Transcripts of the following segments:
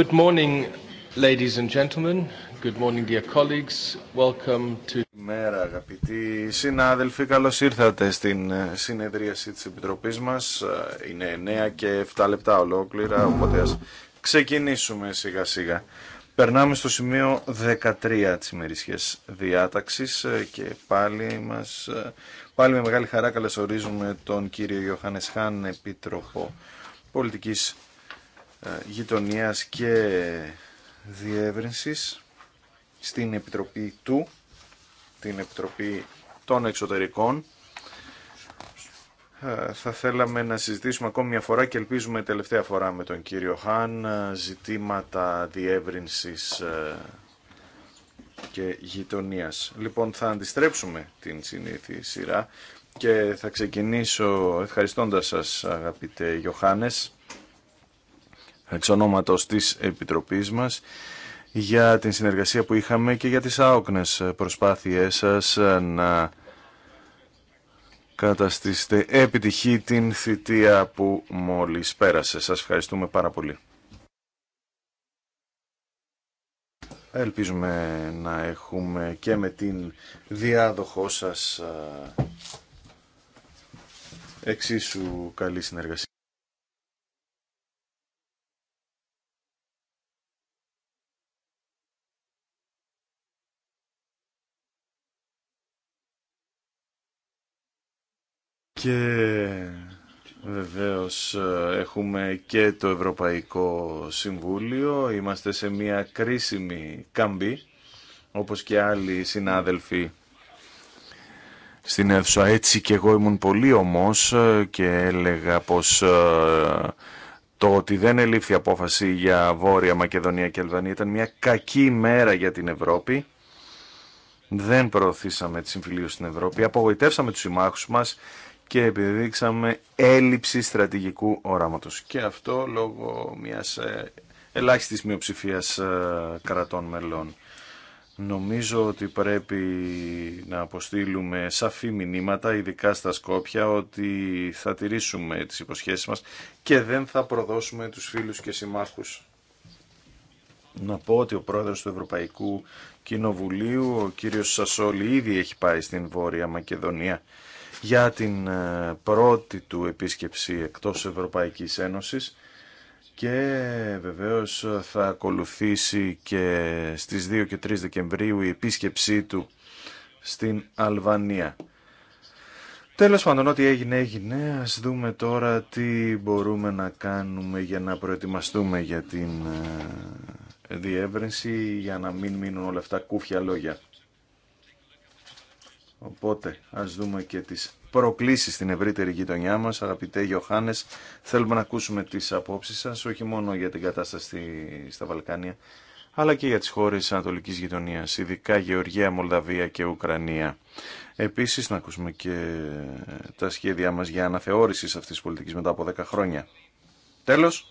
Good morning, ladies and gentlemen. Good morning, dear colleagues. Welcome to... αγαπητοί συνάδελφοι. Καλώ ήρθατε στην ε, συνεδρίαση τη Επιτροπή μα. Ε, είναι 9 και 7 λεπτά ολόκληρα, οπότε α ξεκινήσουμε σιγά-σιγά. Περνάμε στο σημείο 13 της ημερησίας διάταξης ε, και πάλι, μας, πάλι με μεγάλη χαρά καλωσορίζουμε τον κύριο Ιωάννης Χάν, Επίτροπο Πολιτικής ε, γειτονίας και διεύρυνσης στην Επιτροπή του, την Επιτροπή των Εξωτερικών. Ε, θα θέλαμε να συζητήσουμε ακόμη μια φορά και ελπίζουμε τελευταία φορά με τον κύριο Χάν ε, ζητήματα διεύρυνσης και γειτονίας. Λοιπόν, θα αντιστρέψουμε την συνήθι σειρά και θα ξεκινήσω ευχαριστώντας σας αγαπητέ Γιωχάνες εξ ονόματος της Επιτροπής μας για την συνεργασία που είχαμε και για τις άοκνες προσπάθειές σας να καταστήσετε επιτυχή την θητεία που μόλις πέρασε. Σας ευχαριστούμε πάρα πολύ. Ελπίζουμε να έχουμε και με την διάδοχό σας ε, εξίσου καλή συνεργασία. Και βεβαίως ε, έχουμε και το Ευρωπαϊκό Συμβούλιο. Είμαστε σε μια κρίσιμη καμπή, όπως και άλλοι συνάδελφοι στην αίθουσα. Έτσι και εγώ ήμουν πολύ όμως ε, και έλεγα πως ε, το ότι δεν ελήφθη απόφαση για Βόρεια Μακεδονία και Αλβανία ήταν μια κακή μέρα για την Ευρώπη. Δεν προωθήσαμε τη συμφιλίωση στην Ευρώπη. Απογοητεύσαμε τους συμμάχους μας και επιδείξαμε έλλειψη στρατηγικού οράματος. Και αυτό λόγω μιας ε, ελάχιστης μειοψηφίας ε, κρατών μελών. Νομίζω ότι πρέπει να αποστείλουμε σαφή μηνύματα, ειδικά στα Σκόπια, ότι θα τηρήσουμε τις υποσχέσεις μας και δεν θα προδώσουμε τους φίλους και συμμάχους. Να πω ότι ο πρόεδρος του Ευρωπαϊκού Κοινοβουλίου, ο κύριος Σασόλη, ήδη έχει πάει στην Βόρεια Μακεδονία για την ε, πρώτη του επίσκεψη εκτός Ευρωπαϊκής Ένωσης και βεβαίως θα ακολουθήσει και στις 2 και 3 Δεκεμβρίου η επίσκεψή του στην Αλβανία. Τέλος πάντων, ό,τι έγινε έγινε. Ας δούμε τώρα τι μπορούμε να κάνουμε για να προετοιμαστούμε για την ε, διεύρυνση, για να μην μείνουν όλα αυτά κούφια λόγια. Οπότε ας δούμε και τις προκλήσεις στην ευρύτερη γειτονιά μας. Αγαπητέ Γιωχάνες, θέλουμε να ακούσουμε τις απόψεις σας, όχι μόνο για την κατάσταση στα Βαλκάνια, αλλά και για τις χώρες της Ανατολικής Γειτονίας, ειδικά Γεωργία, Μολδαβία και Ουκρανία. Επίσης, να ακούσουμε και τα σχέδιά μας για αναθεώρηση αυτής της πολιτικής μετά από 10 χρόνια. Τέλος,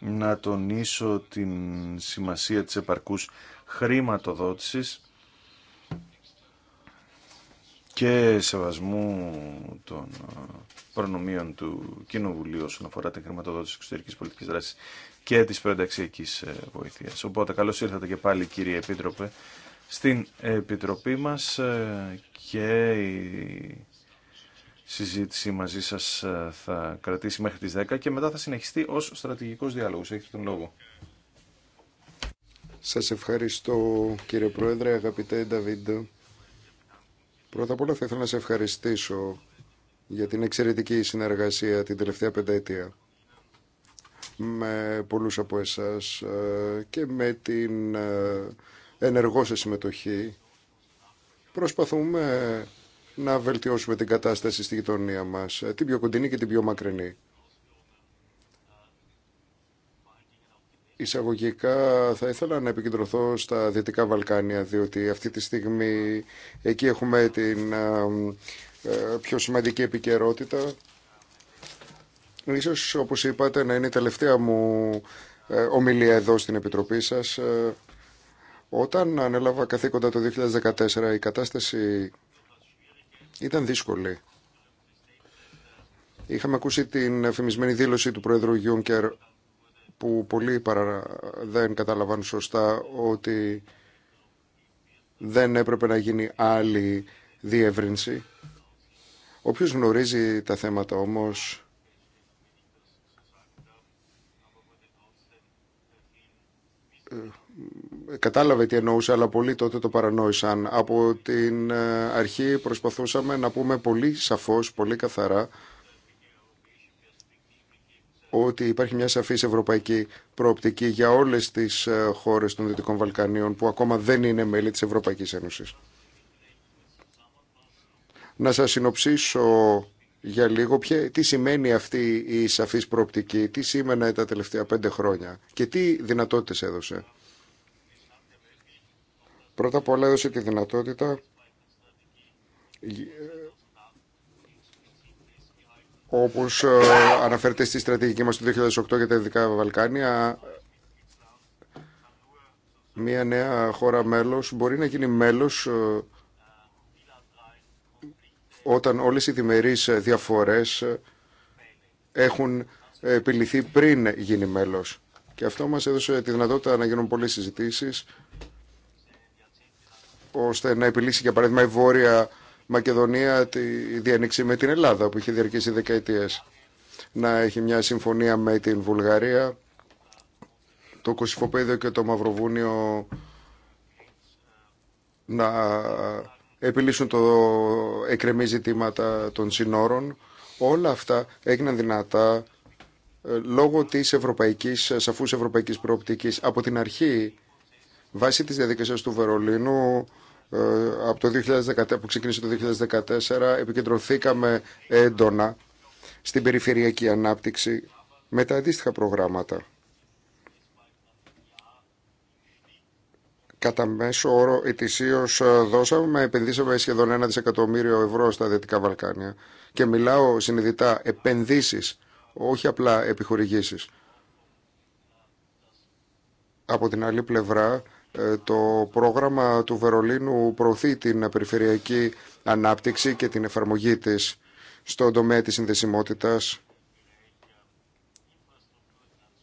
να τονίσω την σημασία της επαρκούς χρηματοδότησης και σεβασμού των προνομίων του Κοινοβουλίου όσον αφορά την χρηματοδότηση της εξωτερικής πολιτικής δράσης και τη προενταξιακή ε, βοήθειας. Οπότε καλώ ήρθατε και πάλι κύριε Επίτροπε στην Επιτροπή μας ε, και η συζήτηση μαζί σας ε, θα κρατήσει μέχρι τι 10 και μετά θα συνεχιστεί ως στρατηγικός διάλογος. Έχετε τον λόγο. Σας ευχαριστώ κύριε Πρόεδρε, αγαπητέ Νταβίντο. Πρώτα απ' όλα θα ήθελα να σε ευχαριστήσω για την εξαιρετική συνεργασία την τελευταία πενταετία με πολλούς από εσάς ε, και με την ε, ενεργό σε συμμετοχή προσπαθούμε να βελτιώσουμε την κατάσταση στη γειτονία μας, ε, την πιο κοντινή και την πιο μακρινή. Εισαγωγικά θα ήθελα να επικεντρωθώ στα Δυτικά Βαλκάνια, διότι αυτή τη στιγμή εκεί έχουμε την ε, πιο σημαντική επικαιρότητα. Ίσως, όπως είπατε, να είναι η τελευταία μου ε, ομιλία εδώ στην Επιτροπή σας. Ε, όταν ανέλαβα καθήκοντα το 2014, η κατάσταση ήταν δύσκολη. Είχαμε ακούσει την φημισμένη δήλωση του Πρόεδρου Γιούνκερ που πολλοί δεν κατάλαβαν σωστά ότι δεν έπρεπε να γίνει άλλη διεύρυνση. Όποιος γνωρίζει τα θέματα όμως ε, κατάλαβε τι εννοούσε, αλλά πολύ τότε το παρανόησαν. Από την ε, αρχή προσπαθούσαμε να πούμε πολύ σαφώς, πολύ καθαρά ότι υπάρχει μια σαφής ευρωπαϊκή προοπτική για όλες τις ε, χώρες των Δυτικών Βαλκανίων που ακόμα δεν είναι μέλη της Ευρωπαϊκής Ένωσης. Να σας συνοψίσω για λίγο τι σημαίνει αυτή η σαφής προοπτική, τι σήμαινε τα τελευταία πέντε χρόνια και τι δυνατότητες έδωσε. Πρώτα απ' όλα έδωσε τη δυνατότητα όπως ε, αναφέρεται στη στρατηγική μας του 2008 για τα Δυτικά Βαλκάνια, μια νέα χώρα μέλος μπορεί να γίνει μέλος ε, όταν όλες οι διμερείς διαφορές ε, έχουν επιληθεί πριν γίνει μέλος. Και αυτό μας έδωσε τη δυνατότητα να γίνουν πολλέ συζητήσει, ώστε να επιλύσει για παράδειγμα η Βόρεια Μακεδονία τη διένεξη με την Ελλάδα που είχε διαρκήσει δεκαετίες να έχει μια συμφωνία με την Βουλγαρία το Κωσυφοπέδιο και το Μαυροβούνιο να επιλύσουν το εκρεμή ζητήματα των συνόρων. Όλα αυτά έγιναν δυνατά ε, λόγω της ευρωπαϊκής, σαφούς ευρωπαϊκής προοπτικής. Από την αρχή, βάσει της διαδικασίας του Βερολίνου, ε, από το 2014, που ξεκίνησε το 2014 επικεντρωθήκαμε έντονα στην περιφερειακή ανάπτυξη με τα αντίστοιχα προγράμματα. Κατά μέσο όρο ετησίως ε, δώσαμε, επενδύσαμε σχεδόν ένα δισεκατομμύριο ευρώ στα Δυτικά Βαλκάνια και μιλάω συνειδητά επενδύσεις, όχι απλά επιχορηγήσεις. Από την άλλη πλευρά ε, το πρόγραμμα του Βερολίνου προωθεί την περιφερειακή ανάπτυξη και την εφαρμογή της στον τομέα της συνδεσιμότητας,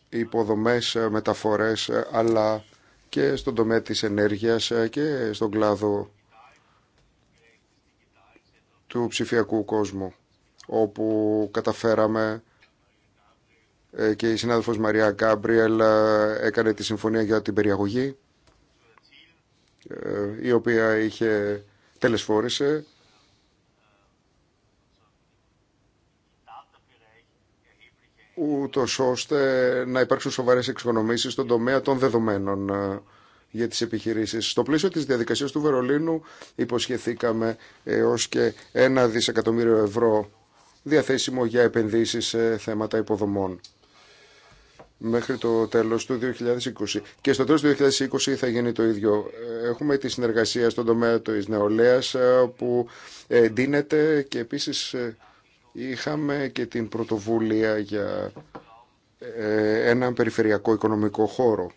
υποδομές, ε, μεταφορές, ε, αλλά και στον τομέα της ενέργειας και στον κλάδο του ψηφιακού κόσμου, όπου καταφέραμε και η συνάδελφος Μαρία Γκάμπριελ έκανε τη συμφωνία για την περιαγωγή ε, η οποία είχε τελεσφόρησε ούτω ώστε να υπάρξουν σοβαρές εξοικονομήσεις στον τομέα των δεδομένων ε, για τις επιχειρήσεις. Στο πλαίσιο της διαδικασίας του Βερολίνου υποσχεθήκαμε ε, έως και ένα δισεκατομμύριο ευρώ διαθέσιμο για επενδύσεις σε θέματα υποδομών μέχρι το τέλος του 2020. Και στο τέλο του 2020 θα γίνει το ίδιο. Έχουμε τη συνεργασία στον τομέα τη νεολαίας ε, που εντείνεται και επίσης ε, είχαμε και την πρωτοβουλία για ε, έναν περιφερειακό οικονομικό χώρο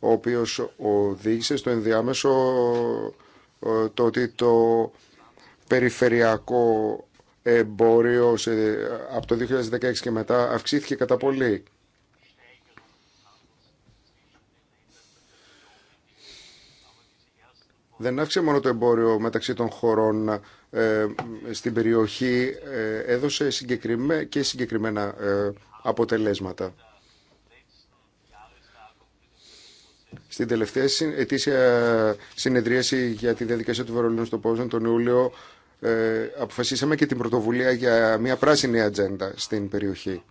ο οποίος οδήγησε στο ενδιάμεσο το ότι το περιφερειακό εμπόριο σε, από το 2016 και μετά αυξήθηκε κατά πολύ. Δεν αύξησε μόνο το εμπόριο μεταξύ των χωρών ε, στην περιοχή, ε, έδωσε συγκεκριμέ, και συγκεκριμένα ε, αποτελέσματα. Στην τελευταία ετήσια συνεδρίαση για τη διαδικασία του Βερολίνου στο Πόζον τον Ιούλιο ε, αποφασίσαμε και την πρωτοβουλία για μια πράσινη ατζέντα στην περιοχή.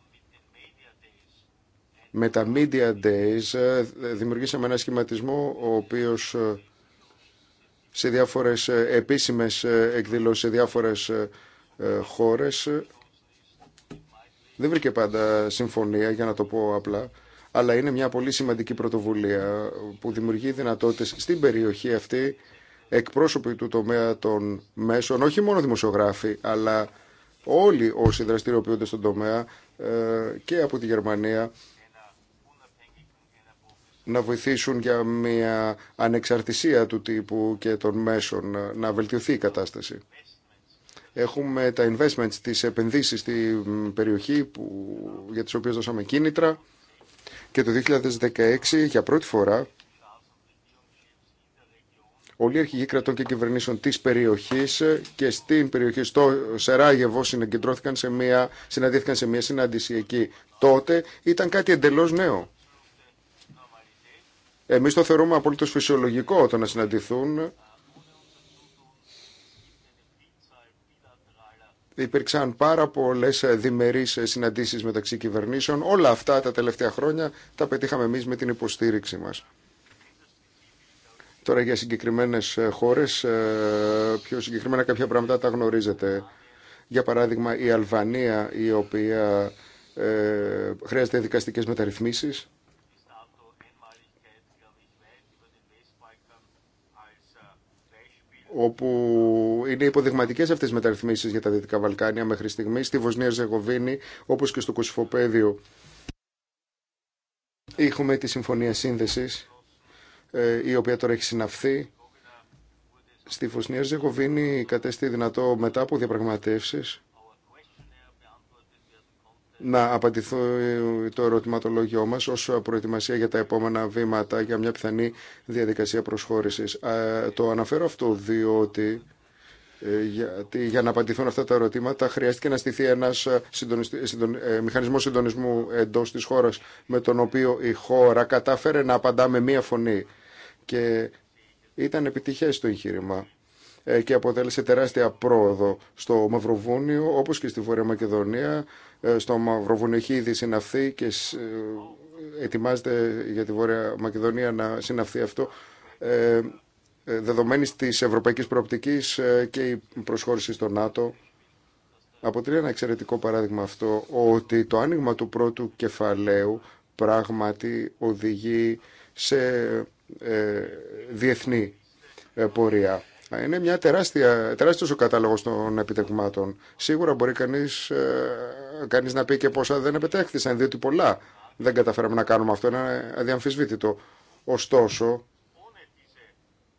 Με τα Media Days ε, δημιουργήσαμε ένα σχηματισμό ο οποίος ε, σε διάφορες επίσημες εκδηλώσεις, σε διάφορες χώρες δεν βρήκε πάντα συμφωνία για να το πω απλά αλλά είναι μια πολύ σημαντική πρωτοβουλία που δημιουργεί δυνατότητες στην περιοχή αυτή εκπρόσωποι του τομέα των μέσων, όχι μόνο δημοσιογράφοι, αλλά όλοι όσοι δραστηριοποιούνται στον τομέα ε, και από τη Γερμανία να βοηθήσουν για μια ανεξαρτησία του τύπου και των μέσων, ε, να βελτιωθεί η κατάσταση. Έχουμε τα investments, τις επενδύσεις στην περιοχή που, για τις οποίες δώσαμε κίνητρα και το 2016 για πρώτη φορά Όλοι οι αρχηγοί κρατών και κυβερνήσεων τη περιοχή και στην περιοχή, στο Σεράγεβο, σε μια, συναντήθηκαν σε μια συνάντηση εκεί. Τότε ήταν κάτι εντελώ νέο. Εμεί το θεωρούμε απολύτω φυσιολογικό όταν να συναντηθούν. Υπήρξαν πάρα πολλέ διμερεί συναντήσει μεταξύ κυβερνήσεων. Όλα αυτά τα τελευταία χρόνια τα πετύχαμε εμεί με την υποστήριξη μα. Τώρα για συγκεκριμένες ε, χώρες, ε, πιο συγκεκριμένα κάποια πράγματα τα γνωρίζετε. Για παράδειγμα η Αλβανία η οποία ε, χρειάζεται δικαστικές μεταρρυθμίσεις. όπου είναι υποδειγματικές αυτές οι μεταρρυθμίσεις για τα Δυτικά Βαλκάνια μέχρι στιγμή, στη Βοσνία Ζεγοβίνη, όπως και στο Κωσυφοπαίδιο. Έχουμε τη Συμφωνία Σύνδεσης, ε, η οποία τώρα έχει συναυθεί. Στη Φωσνία Ζεγοβίνη κατέστη δυνατό μετά από διαπραγματεύσεις να απαντηθεί το ερωτηματολόγιο μας ως προετοιμασία για τα επόμενα βήματα για μια πιθανή διαδικασία προσχώρησης. Το αναφέρω αυτό διότι ε, για να απαντηθούν αυτά τα ερωτήματα χρειάστηκε να στηθεί ένας ε, συντον, μηχανισμός συντονισμού εντός της χώρας με τον οποίο η χώρα κατάφερε να απαντά με μία φωνή και ήταν επιτυχές το εγχείρημα ε, και αποτέλεσε τεράστια πρόοδο στο Μαυροβούνιο όπως και στη Βόρεια Μακεδονία. Ε, στο Μαυροβούνιο έχει ήδη συναυθεί και ε, ετοιμάζεται για τη Βόρεια Μακεδονία να συναυθεί αυτό δεδομένη της ευρωπαϊκής προοπτικής και η προσχώρηση στο ΝΑΤΟ. Αποτελεί ένα εξαιρετικό παράδειγμα αυτό ότι το άνοιγμα του πρώτου κεφαλαίου πράγματι οδηγεί σε ε, διεθνή ε, πορεία. Είναι μια τεράστια, τεράστιος ο κατάλογος των επιτευγμάτων. Σίγουρα μπορεί κανείς, ε, κανείς να πει και πόσα δεν επιτέχθησαν, διότι πολλά δεν καταφέραμε να κάνουμε αυτό, είναι αδιαμφισβήτητο. Ωστόσο,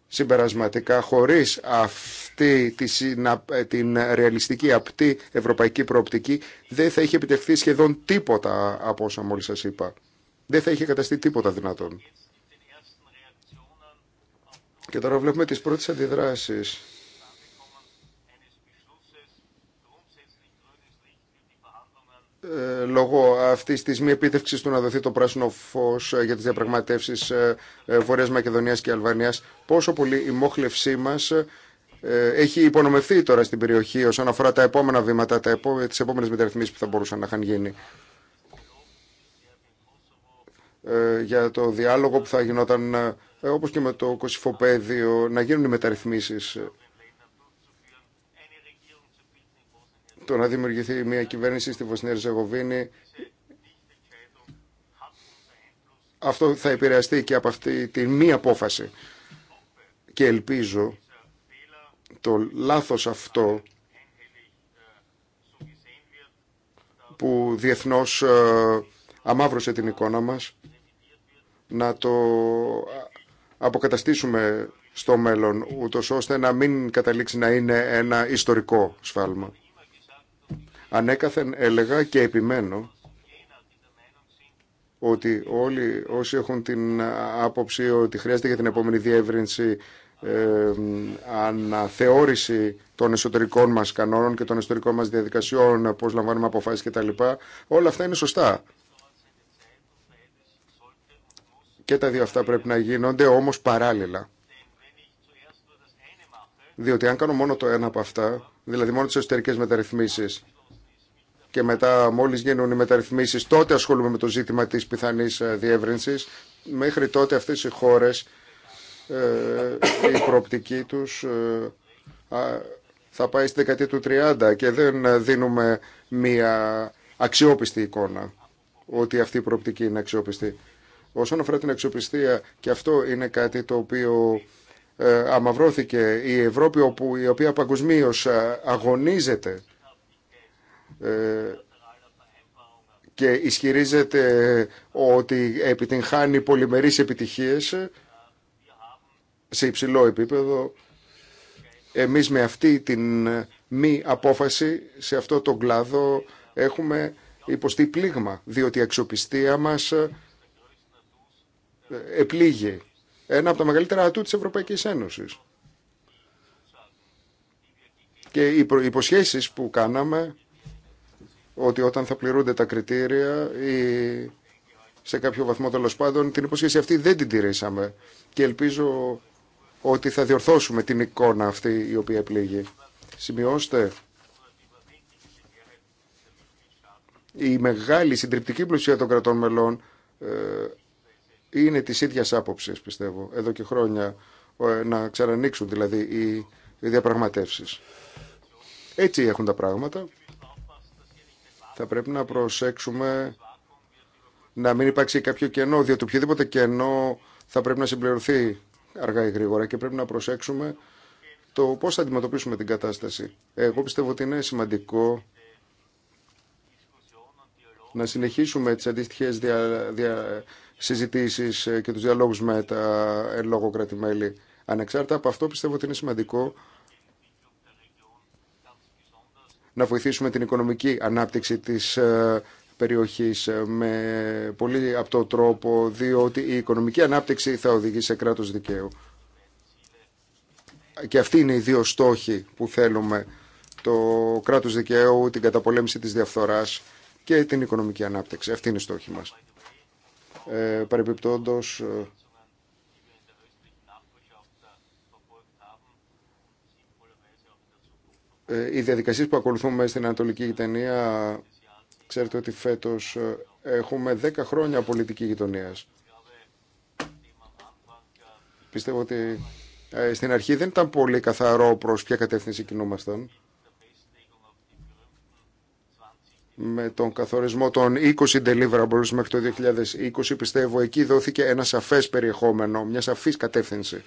συμπερασματικά, χωρίς αυτή τη, την ρεαλιστική απτή ευρωπαϊκή προοπτική, δεν θα είχε επιτευχθεί σχεδόν τίποτα από όσα μόλις σας είπα. Δεν θα είχε καταστεί τίποτα δυνατόν. Και τώρα βλέπουμε τις πρώτες αντιδράσεις. Ε, λόγω αυτή τη μη επίτευξη του να δοθεί το πράσινο φω ε, για τι διαπραγματεύσει ε, Βορεια Μακεδονία και Αλβανία, πόσο πολύ η μόχλευσή μα έχει υπονομευθεί τώρα στην περιοχή όσον αφορά τα επόμενα βήματα, τι επόμενε μεταρρυθμίσει που θα μπορούσαν να είχαν γίνει. Για το διάλογο που θα γινόταν ε, όπως και με το κοσυφοπαίδιο, να γίνουν οι μεταρρυθμίσεις. Ε, το να δημιουργηθεί μια κυβέρνηση στη Βοσνία Ριζεγοβίνη, αυτό θα επηρεαστεί και από αυτή τη μία απόφαση. Και ελπίζω το λάθος αυτό που διεθνώς ε, αμάβρωσε την εικόνα μας να το αποκαταστήσουμε στο μέλλον, ούτω ώστε να μην καταλήξει να είναι ένα ιστορικό σφάλμα. Ανέκαθεν έλεγα και επιμένω ότι όλοι όσοι έχουν την άποψη ότι χρειάζεται για την επόμενη διεύρυνση ε, αναθεώρηση των εσωτερικών μας κανόνων και των εσωτερικών μας διαδικασιών, πώς λαμβάνουμε αποφάσεις κτλ. Όλα αυτά είναι σωστά. Και τα δύο αυτά πρέπει να γίνονται όμως παράλληλα. Διότι αν κάνω μόνο το ένα από αυτά, δηλαδή μόνο τις εσωτερικές μεταρρυθμίσεις, και μετά μόλις γίνουν οι μεταρρυθμίσεις, τότε ασχολούμαι με το ζήτημα της πιθανής ε, διεύρυνσης. Μέχρι τότε αυτές οι χώρες, ε, η προοπτική τους ε, θα πάει στη δεκαετία του 30 και δεν δίνουμε μία αξιόπιστη εικόνα ότι αυτή η προοπτική είναι αξιόπιστη. Όσον αφορά την αξιοπιστία, και αυτό είναι κάτι το οποίο ε, αμαυρώθηκε. Η Ευρώπη, όπου, η οποία παγκοσμίω ε, αγωνίζεται ε, και ισχυρίζεται ότι επιτυγχάνει πολυμερείς επιτυχίες ε, σε υψηλό επίπεδο, εμείς με αυτή την μη απόφαση σε αυτό το κλάδο έχουμε υποστεί πλήγμα, διότι η αξιοπιστία μας επλήγει. Ένα από τα μεγαλύτερα ατού της Ευρωπαϊκής Ένωσης. Και οι υποσχέσεις που κάναμε ότι όταν θα πληρούνται τα κριτήρια ή σε κάποιο βαθμό τέλο πάντων την υποσχέση αυτή δεν την τηρήσαμε και ελπίζω ότι θα διορθώσουμε την εικόνα αυτή η οποία πλήγει. Σημειώστε η μεγάλη συντριπτική πλουσία των κρατών μελών ε, είναι της ίδιας άποψης πιστεύω εδώ και χρόνια ε, να ξανανοίξουν δηλαδή οι διαπραγματεύσεις. Έτσι έχουν τα πράγματα. Θα πρέπει να προσέξουμε να μην υπάρξει κάποιο κενό, διότι οποιοδήποτε κενό θα πρέπει να συμπληρωθεί αργά ή γρήγορα και πρέπει να προσέξουμε το πώς θα αντιμετωπίσουμε την κατάσταση. Εγώ πιστεύω ότι είναι σημαντικό να συνεχίσουμε τις αντίστοιχες δια, δια, συζητήσεις ε, και τους διαλόγους με τα εν λόγω κρατημέλη. Ανεξάρτητα από αυτό πιστεύω ότι είναι σημαντικό να βοηθήσουμε την οικονομική ανάπτυξη της ε, περιοχής ε, με πολύ απτό τρόπο, διότι η οικονομική ανάπτυξη θα οδηγεί σε κράτος δικαίου. Και αυτοί είναι οι δύο στόχοι που θέλουμε, το κράτος δικαίου, την καταπολέμηση της διαφθοράς και την οικονομική ανάπτυξη. Αυτή είναι η στόχη μας. Ε, ε, ε, οι διαδικασίες που ακολουθούμε στην Ανατολική Γειτονία, ξέρετε ότι φέτος ε, έχουμε 10 χρόνια πολιτική γειτονία. Πιστεύω ότι στην αρχή δεν ήταν πολύ καθαρό προς ποια κατεύθυνση κινούμασταν. με τον καθορισμό των 20 deliverables μέχρι το 2020 πιστεύω εκεί δόθηκε ένα σαφές περιεχόμενο, μια σαφής κατεύθυνση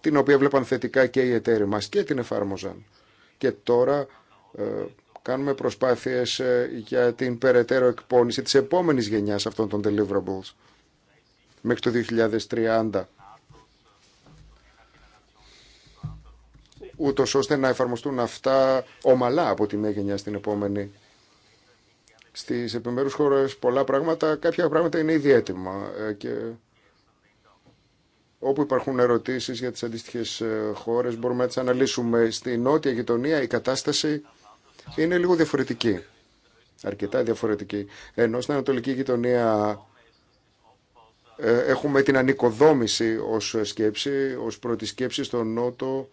την οποία βλέπαν θετικά και οι εταίροι μας και την εφάρμοζαν. Και τώρα ε, κάνουμε προσπάθειες ε, για την περαιτέρω εκπόνηση της επόμενης γενιάς αυτών των deliverables μέχρι το 2030 ούτω ώστε να εφαρμοστούν αυτά ομαλά από τη μία γενιά στην επόμενη. Στι επιμέρου χώρε πολλά πράγματα, κάποια πράγματα είναι ήδη έτοιμα. Ε, και όπου υπάρχουν ερωτήσει για τι αντίστοιχε ε, χώρε, μπορούμε να τι αναλύσουμε. Στη νότια γειτονία η κατάσταση είναι λίγο διαφορετική. Αρκετά διαφορετική. Ενώ στην ανατολική γειτονία ε, έχουμε την ανοικοδόμηση ως σκέψη, ως πρώτη σκέψη στον Νότο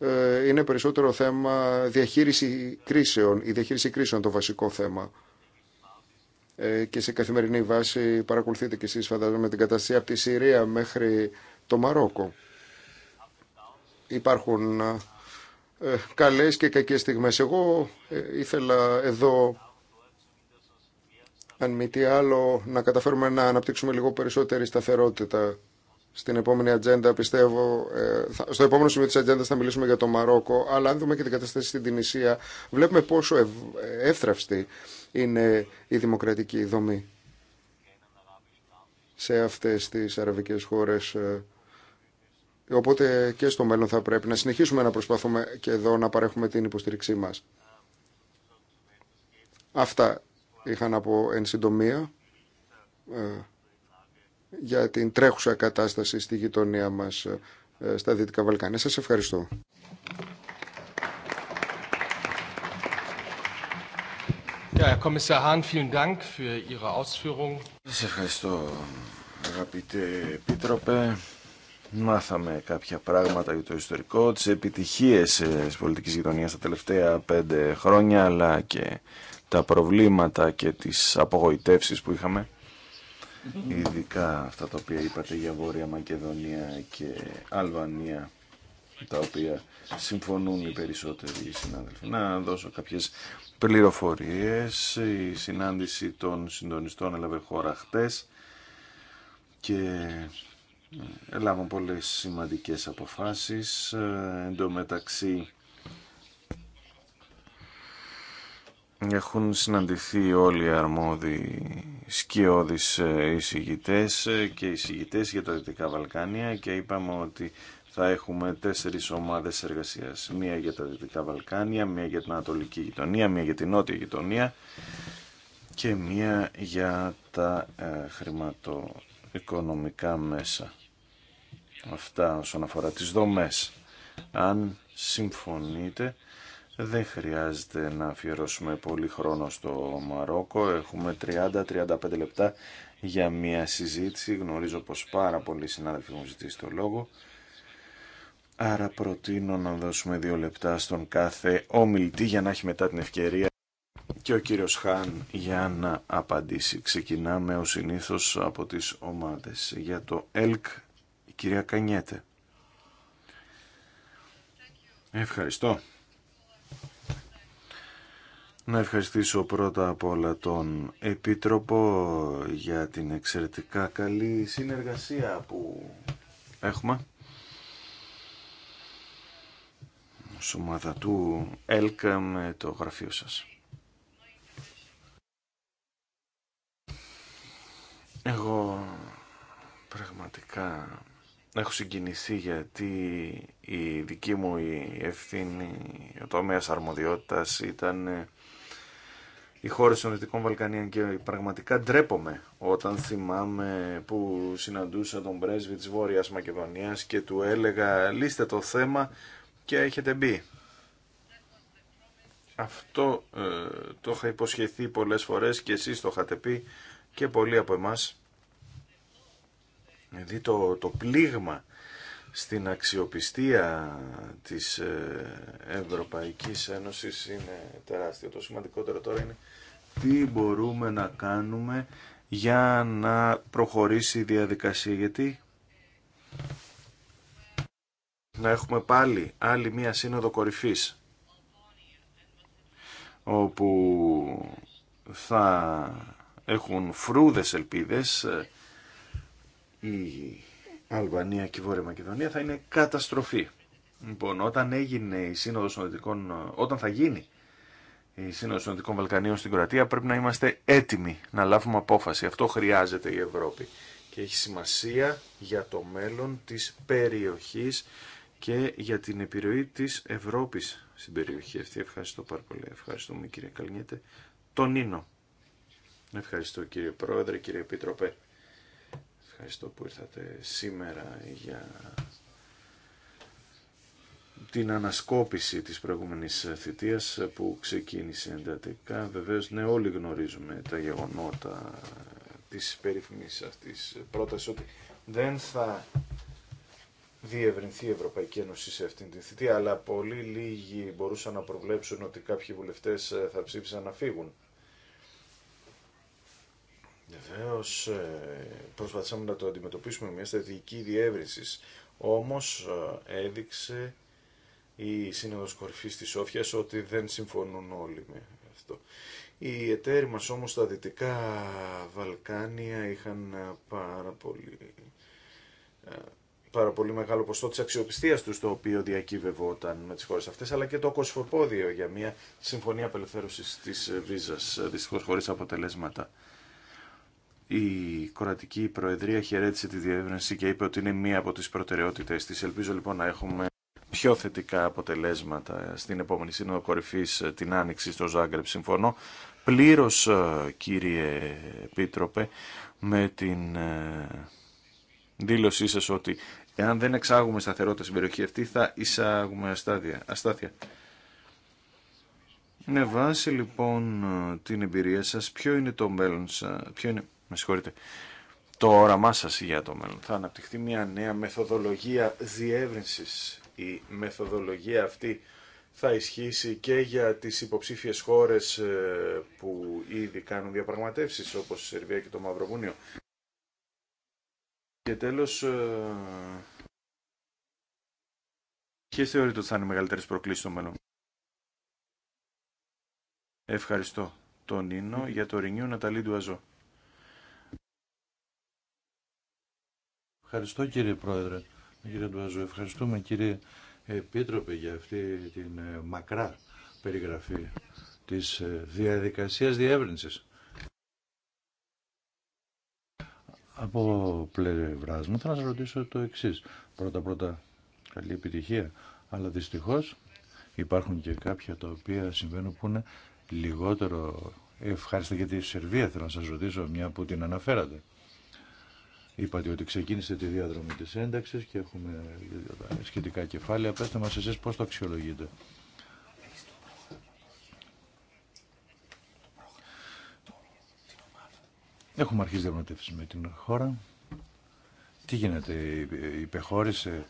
ε, είναι περισσότερο θέμα διαχείριση κρίσεων, η διαχείριση κρίσεων το βασικό θέμα. Ε, και σε καθημερινή βάση παρακολουθείτε και εσείς φαντάζομαι την κατάσταση από τη Συρία μέχρι το Μαρόκο. Υπάρχουν ε, καλές και κακές στιγμές. Εγώ ήθελα εδώ, αν μη τι άλλο, να καταφέρουμε να αναπτύξουμε λίγο περισσότερη σταθερότητα στην επόμενη ατζέντα, πιστεύω, ε, στο επόμενο σημείο τη ατζέντα θα μιλήσουμε για το Μαρόκο, αλλά αν δούμε και την κατάσταση στην Τινησία, βλέπουμε πόσο ευ, εύθραυστη είναι η δημοκρατική δομή σε αυτές τις αραβικές χώρες. Ε. Οπότε και στο μέλλον θα πρέπει να συνεχίσουμε να προσπαθούμε και εδώ να παρέχουμε την υποστήριξή μας. Αυτά είχα να πω εν συντομία. Ε, για την τρέχουσα κατάσταση στη γειτονία μας ε, στα Δυτικά Βαλκάνια. Σας ευχαριστώ. Σας ευχαριστώ αγαπητέ Επίτροπε. Μάθαμε κάποια πράγματα για το ιστορικό, τις επιτυχίες ε, της πολιτικής γειτονίας τα τελευταία πέντε χρόνια, αλλά και τα προβλήματα και τις απογοητεύσεις που είχαμε ειδικά αυτά τα οποία είπατε για Βόρεια Μακεδονία και Αλβανία τα οποία συμφωνούν οι περισσότεροι συνάδελφοι. Να δώσω κάποιες πληροφορίες. Η συνάντηση των συντονιστών έλαβε χώρα χτες και ε, έλαβαν πολλές σημαντικές αποφάσεις. Ε, εν μεταξύ Έχουν συναντηθεί όλοι οι αρμόδιοι σκιώδεις ε, εισηγητές ε, και εισηγητές για τα Δυτικά Βαλκάνια και είπαμε ότι θα έχουμε τέσσερις ομάδες εργασίας. Μία για τα Δυτικά Βαλκάνια, μία για την Ανατολική Γειτονία, μία για την Νότια Γειτονία και μία για τα ε, χρηματοοικονομικά μέσα. Αυτά όσον αφορά τις δομές. Αν συμφωνείτε δεν χρειάζεται να αφιερώσουμε πολύ χρόνο στο Μαρόκο. Έχουμε 30-35 λεπτά για μια συζήτηση. Γνωρίζω πως πάρα πολλοί συνάδελφοι μου ζητήσει το λόγο. Άρα προτείνω να δώσουμε δύο λεπτά στον κάθε ομιλητή για να έχει μετά την ευκαιρία και ο κύριος Χάν για να απαντήσει. Ξεκινάμε ο συνήθως από τις ομάδες. Για το ΕΛΚ η κυρία Κανιέτε. Ευχαριστώ. Να ευχαριστήσω πρώτα απ' όλα τον Επίτροπο για την εξαιρετικά καλή συνεργασία που έχουμε. Σωμάδα του ΕΛΚΑ με το γραφείο σας. Εγώ πραγματικά έχω συγκινηθεί γιατί η δική μου η ευθύνη, ο τομέας αρμοδιότητας ήταν οι χώρες των Δυτικών Βαλκανίων και πραγματικά ντρέπομαι όταν θυμάμαι που συναντούσα τον πρέσβη τη Βόρεια Μακεδονίας και του έλεγα λύστε το θέμα και έχετε μπει. Αυτό ε, το είχα υποσχεθεί πολλές φορές και εσείς το είχατε πει και πολλοί από εμάς. Δηλαδή το, το πλήγμα στην αξιοπιστία της ε, Ευρωπαϊκής Ένωσης είναι τεράστιο. Το σημαντικότερο τώρα είναι τι μπορούμε να κάνουμε για να προχωρήσει η διαδικασία. Γιατί να έχουμε πάλι άλλη μία σύνοδο κορυφής όπου θα έχουν φρούδες ελπίδες ε, η Αλβανία και η Βόρεια Μακεδονία θα είναι καταστροφή. Λοιπόν, όταν έγινε η Σύνοδος των ε, όταν θα γίνει η Σύνοδος των Δυτικών Βαλκανίων στην Κροατία, πρέπει να είμαστε έτοιμοι να λάβουμε απόφαση. Αυτό χρειάζεται η Ευρώπη και έχει σημασία για το μέλλον της περιοχής και για την επιρροή της Ευρώπης στην περιοχή αυτή. Ευχαριστώ πάρα πολύ. Ευχαριστούμε κύριε Καλνιέτε. Τον Νίνο. Ευχαριστώ κύριε Πρόεδρε, κύριε Επίτροπε. Ευχαριστώ που ήρθατε σήμερα για την ανασκόπηση της προηγούμενης θητείας που ξεκίνησε εντατικά. Βεβαίως, ναι, όλοι γνωρίζουμε τα γεγονότα της περίφημης αυτής πρότασης ότι δεν θα διευρυνθεί η Ευρωπαϊκή Ένωση σε αυτήν την θητεία, αλλά πολύ λίγοι μπορούσαν να προβλέψουν ότι κάποιοι βουλευτές θα ψήφισαν να φύγουν. Βεβαίω, ε, προσπαθήσαμε να το αντιμετωπίσουμε μια στρατηγική διεύρυνση. Όμως ε, έδειξε η Σύνοδος Κορυφής της Σόφιας ότι δεν συμφωνούν όλοι με αυτό. Οι εταίροι μας όμως στα Δυτικά Βαλκάνια είχαν πάρα πολύ, ε, πάρα πολύ μεγάλο ποστό της αξιοπιστίας τους το οποίο διακύβευόταν με τις χώρες αυτές αλλά και το κοσφοπόδιο για μια συμφωνία απελευθέρωσης της βίζας δυστυχώς χωρίς αποτελέσματα. Η κορατική Προεδρία χαιρέτησε τη διεύρυνση και είπε ότι είναι μία από τις προτεραιότητες της. Ελπίζω λοιπόν να έχουμε πιο θετικά αποτελέσματα στην επόμενη σύνοδο κορυφής ε, την άνοιξη στο Ζάγκρεπ. Συμφωνώ Πλήρω, ε, κύριε Επίτροπε με την ε, δήλωσή σα ότι εάν δεν εξάγουμε σταθερότητα στην περιοχή αυτή θα εισάγουμε αστάδια, αστάθεια. Με βάση λοιπόν την εμπειρία σας, ποιο είναι το μέλλον σας, ποιο είναι, με συγχωρείτε, το όραμά σας για το μέλλον. Θα αναπτυχθεί μια νέα μεθοδολογία διεύρυνσης η μεθοδολογία αυτή θα ισχύσει και για τις υποψήφιες χώρες ε, που ήδη κάνουν διαπραγματεύσεις όπως η Σερβία και το Μαυροβούνιο. Και τέλος, ποιε ε, θεωρείτε ότι θα είναι οι μεγαλύτερες προκλήσεις στο μέλλον. Ευχαριστώ τον Νίνο για το Ρινιού Ναταλή Αζώ. Ευχαριστώ κύριε Πρόεδρε. Κύριε Ντουάζο, ευχαριστούμε κύριε Επίτροπε για αυτή την ε, μακρά περιγραφή της ε, διαδικασίας διεύρυνσης. Από πλευρά μου θα σας ρωτήσω το εξής. Πρώτα-πρώτα καλή επιτυχία, αλλά δυστυχώς υπάρχουν και κάποια τα οποία συμβαίνουν που είναι λιγότερο ευχάριστα για τη Σερβία. Θέλω να σας ρωτήσω μια που την αναφέρατε. Είπατε ότι ξεκίνησε τη διαδρομή της ένταξης και έχουμε σχετικά κεφάλαια. Πέστε μας εσείς πώς το αξιολογείτε. Έχουμε αρχίσει διαπραγματεύσει με την χώρα. Τι γίνεται, υπεχώρησε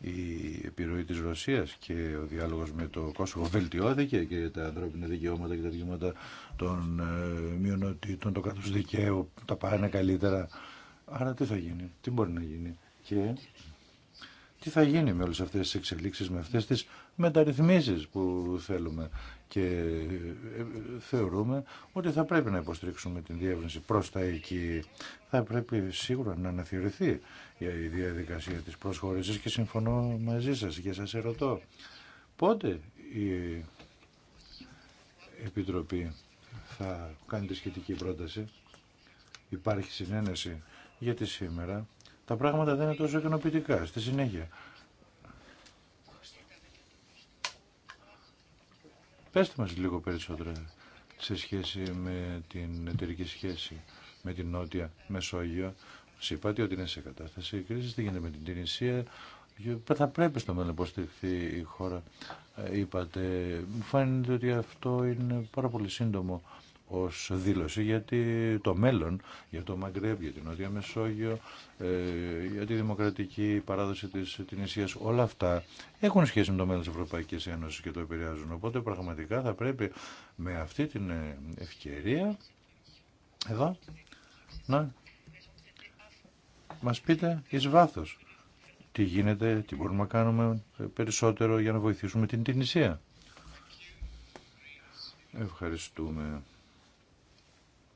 η επιρροή της Ρωσίας και ο διάλογος με το Κόσοβο βελτιώθηκε και τα ανθρώπινα δικαιώματα και τα δικαιώματα των ε, μειονοτήτων, το κράτος δικαίου, τα πάνε καλύτερα. Άρα τι θα γίνει, τι μπορεί να γίνει και τι θα γίνει με όλες αυτές τις εξελίξεις, με αυτές τις μεταρρυθμίσεις που θέλουμε και ε, θεωρούμε ότι θα πρέπει να υποστρίξουμε την διεύρυνση προς τα εκεί. Θα πρέπει σίγουρα να αναθεωρηθεί η διαδικασία της προσχώρησης και συμφωνώ μαζί σας και σας ερωτώ πότε η Επιτροπή θα κάνει τη σχετική πρόταση. Υπάρχει συνένεση γιατί σήμερα τα πράγματα δεν είναι τόσο ικανοποιητικά στη συνέχεια. Πέστε μας λίγο περισσότερα σε σχέση με την εταιρική σχέση με την Νότια Μεσόγειο. Σα είπατε ότι είναι σε κατάσταση κρίση. Τι γίνεται με την Τινησία. Θα πρέπει στο μέλλον να υποστηριχθεί η χώρα. Ε, είπατε, μου φαίνεται ότι αυτό είναι πάρα πολύ σύντομο ως δήλωση γιατί το μέλλον για το Μαγκρέμπ, για την Νότια Μεσόγειο, ε, για τη δημοκρατική παράδοση της Τινησίας, όλα αυτά έχουν σχέση με το μέλλον της Ευρωπαϊκής Ένωσης και το επηρεάζουν. Οπότε πραγματικά θα πρέπει με αυτή την ε, ευκαιρία εδώ να μας πείτε εις βάθος τι γίνεται, τι μπορούμε να κάνουμε περισσότερο για να βοηθήσουμε την Τινησία. Ευχαριστούμε.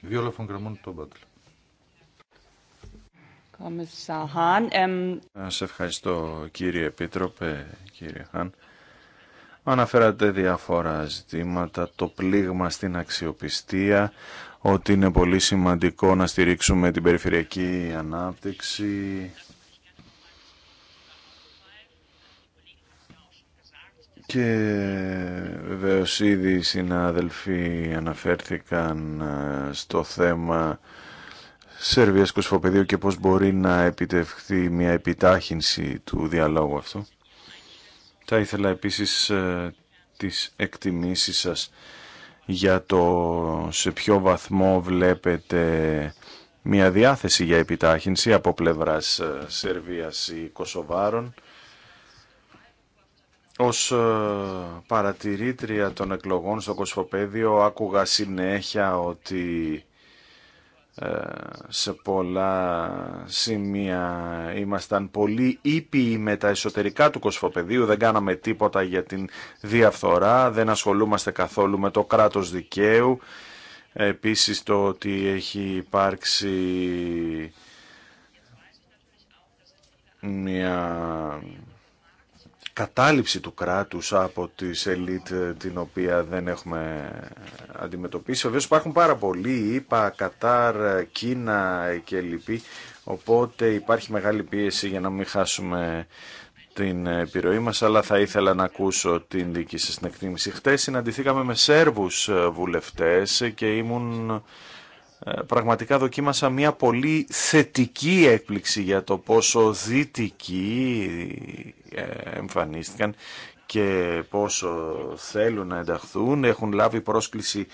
Βιόλα το Μπάτλ. Σε ευχαριστώ κύριε Επίτροπε, κύριε Χάν. Αναφέρατε διάφορα ζητήματα, το πλήγμα στην αξιοπιστία, ότι είναι πολύ σημαντικό να στηρίξουμε την περιφερειακή ανάπτυξη. Και Βεβαίω ήδη οι συναδελφοί αναφέρθηκαν ε, στο θέμα Σερβίας Κοσφοπεδίου και πώς μπορεί να επιτευχθεί μια επιτάχυνση του διαλόγου αυτού. Θα ήθελα επίσης ε, τις εκτιμήσεις σας για το σε ποιο βαθμό βλέπετε μια διάθεση για επιτάχυνση από πλευράς ε, Σερβίας ή Κοσοβάρων ως ε, παρατηρήτρια των εκλογών στο Κοσμοπέδιο άκουγα συνέχεια ότι ε, σε πολλά σημεία ήμασταν πολύ ήπιοι με τα εσωτερικά του κοσφοπεδίου, δεν κάναμε τίποτα για την διαφθορά, δεν ασχολούμαστε καθόλου με το κράτος δικαίου. Επίσης το ότι έχει υπάρξει μια κατάληψη του κράτους από τις ελίτ ε, την οποία δεν έχουμε αντιμετωπίσει. Βεβαίως υπάρχουν πάρα πολλοί, είπα, Κατάρ, ε, Κίνα και λοιποί, οπότε υπάρχει μεγάλη πίεση για να μην χάσουμε την επιρροή μας, αλλά θα ήθελα να ακούσω την δική σας εκτίμηση. Χτες συναντηθήκαμε με Σέρβους ε, βουλευτές και ήμουν ε, πραγματικά δοκίμασα μια πολύ θετική έκπληξη για το πόσο δυτικοί ε, εμφανίστηκαν και πόσο θέλουν να ενταχθούν. Έχουν λάβει πρόσκληση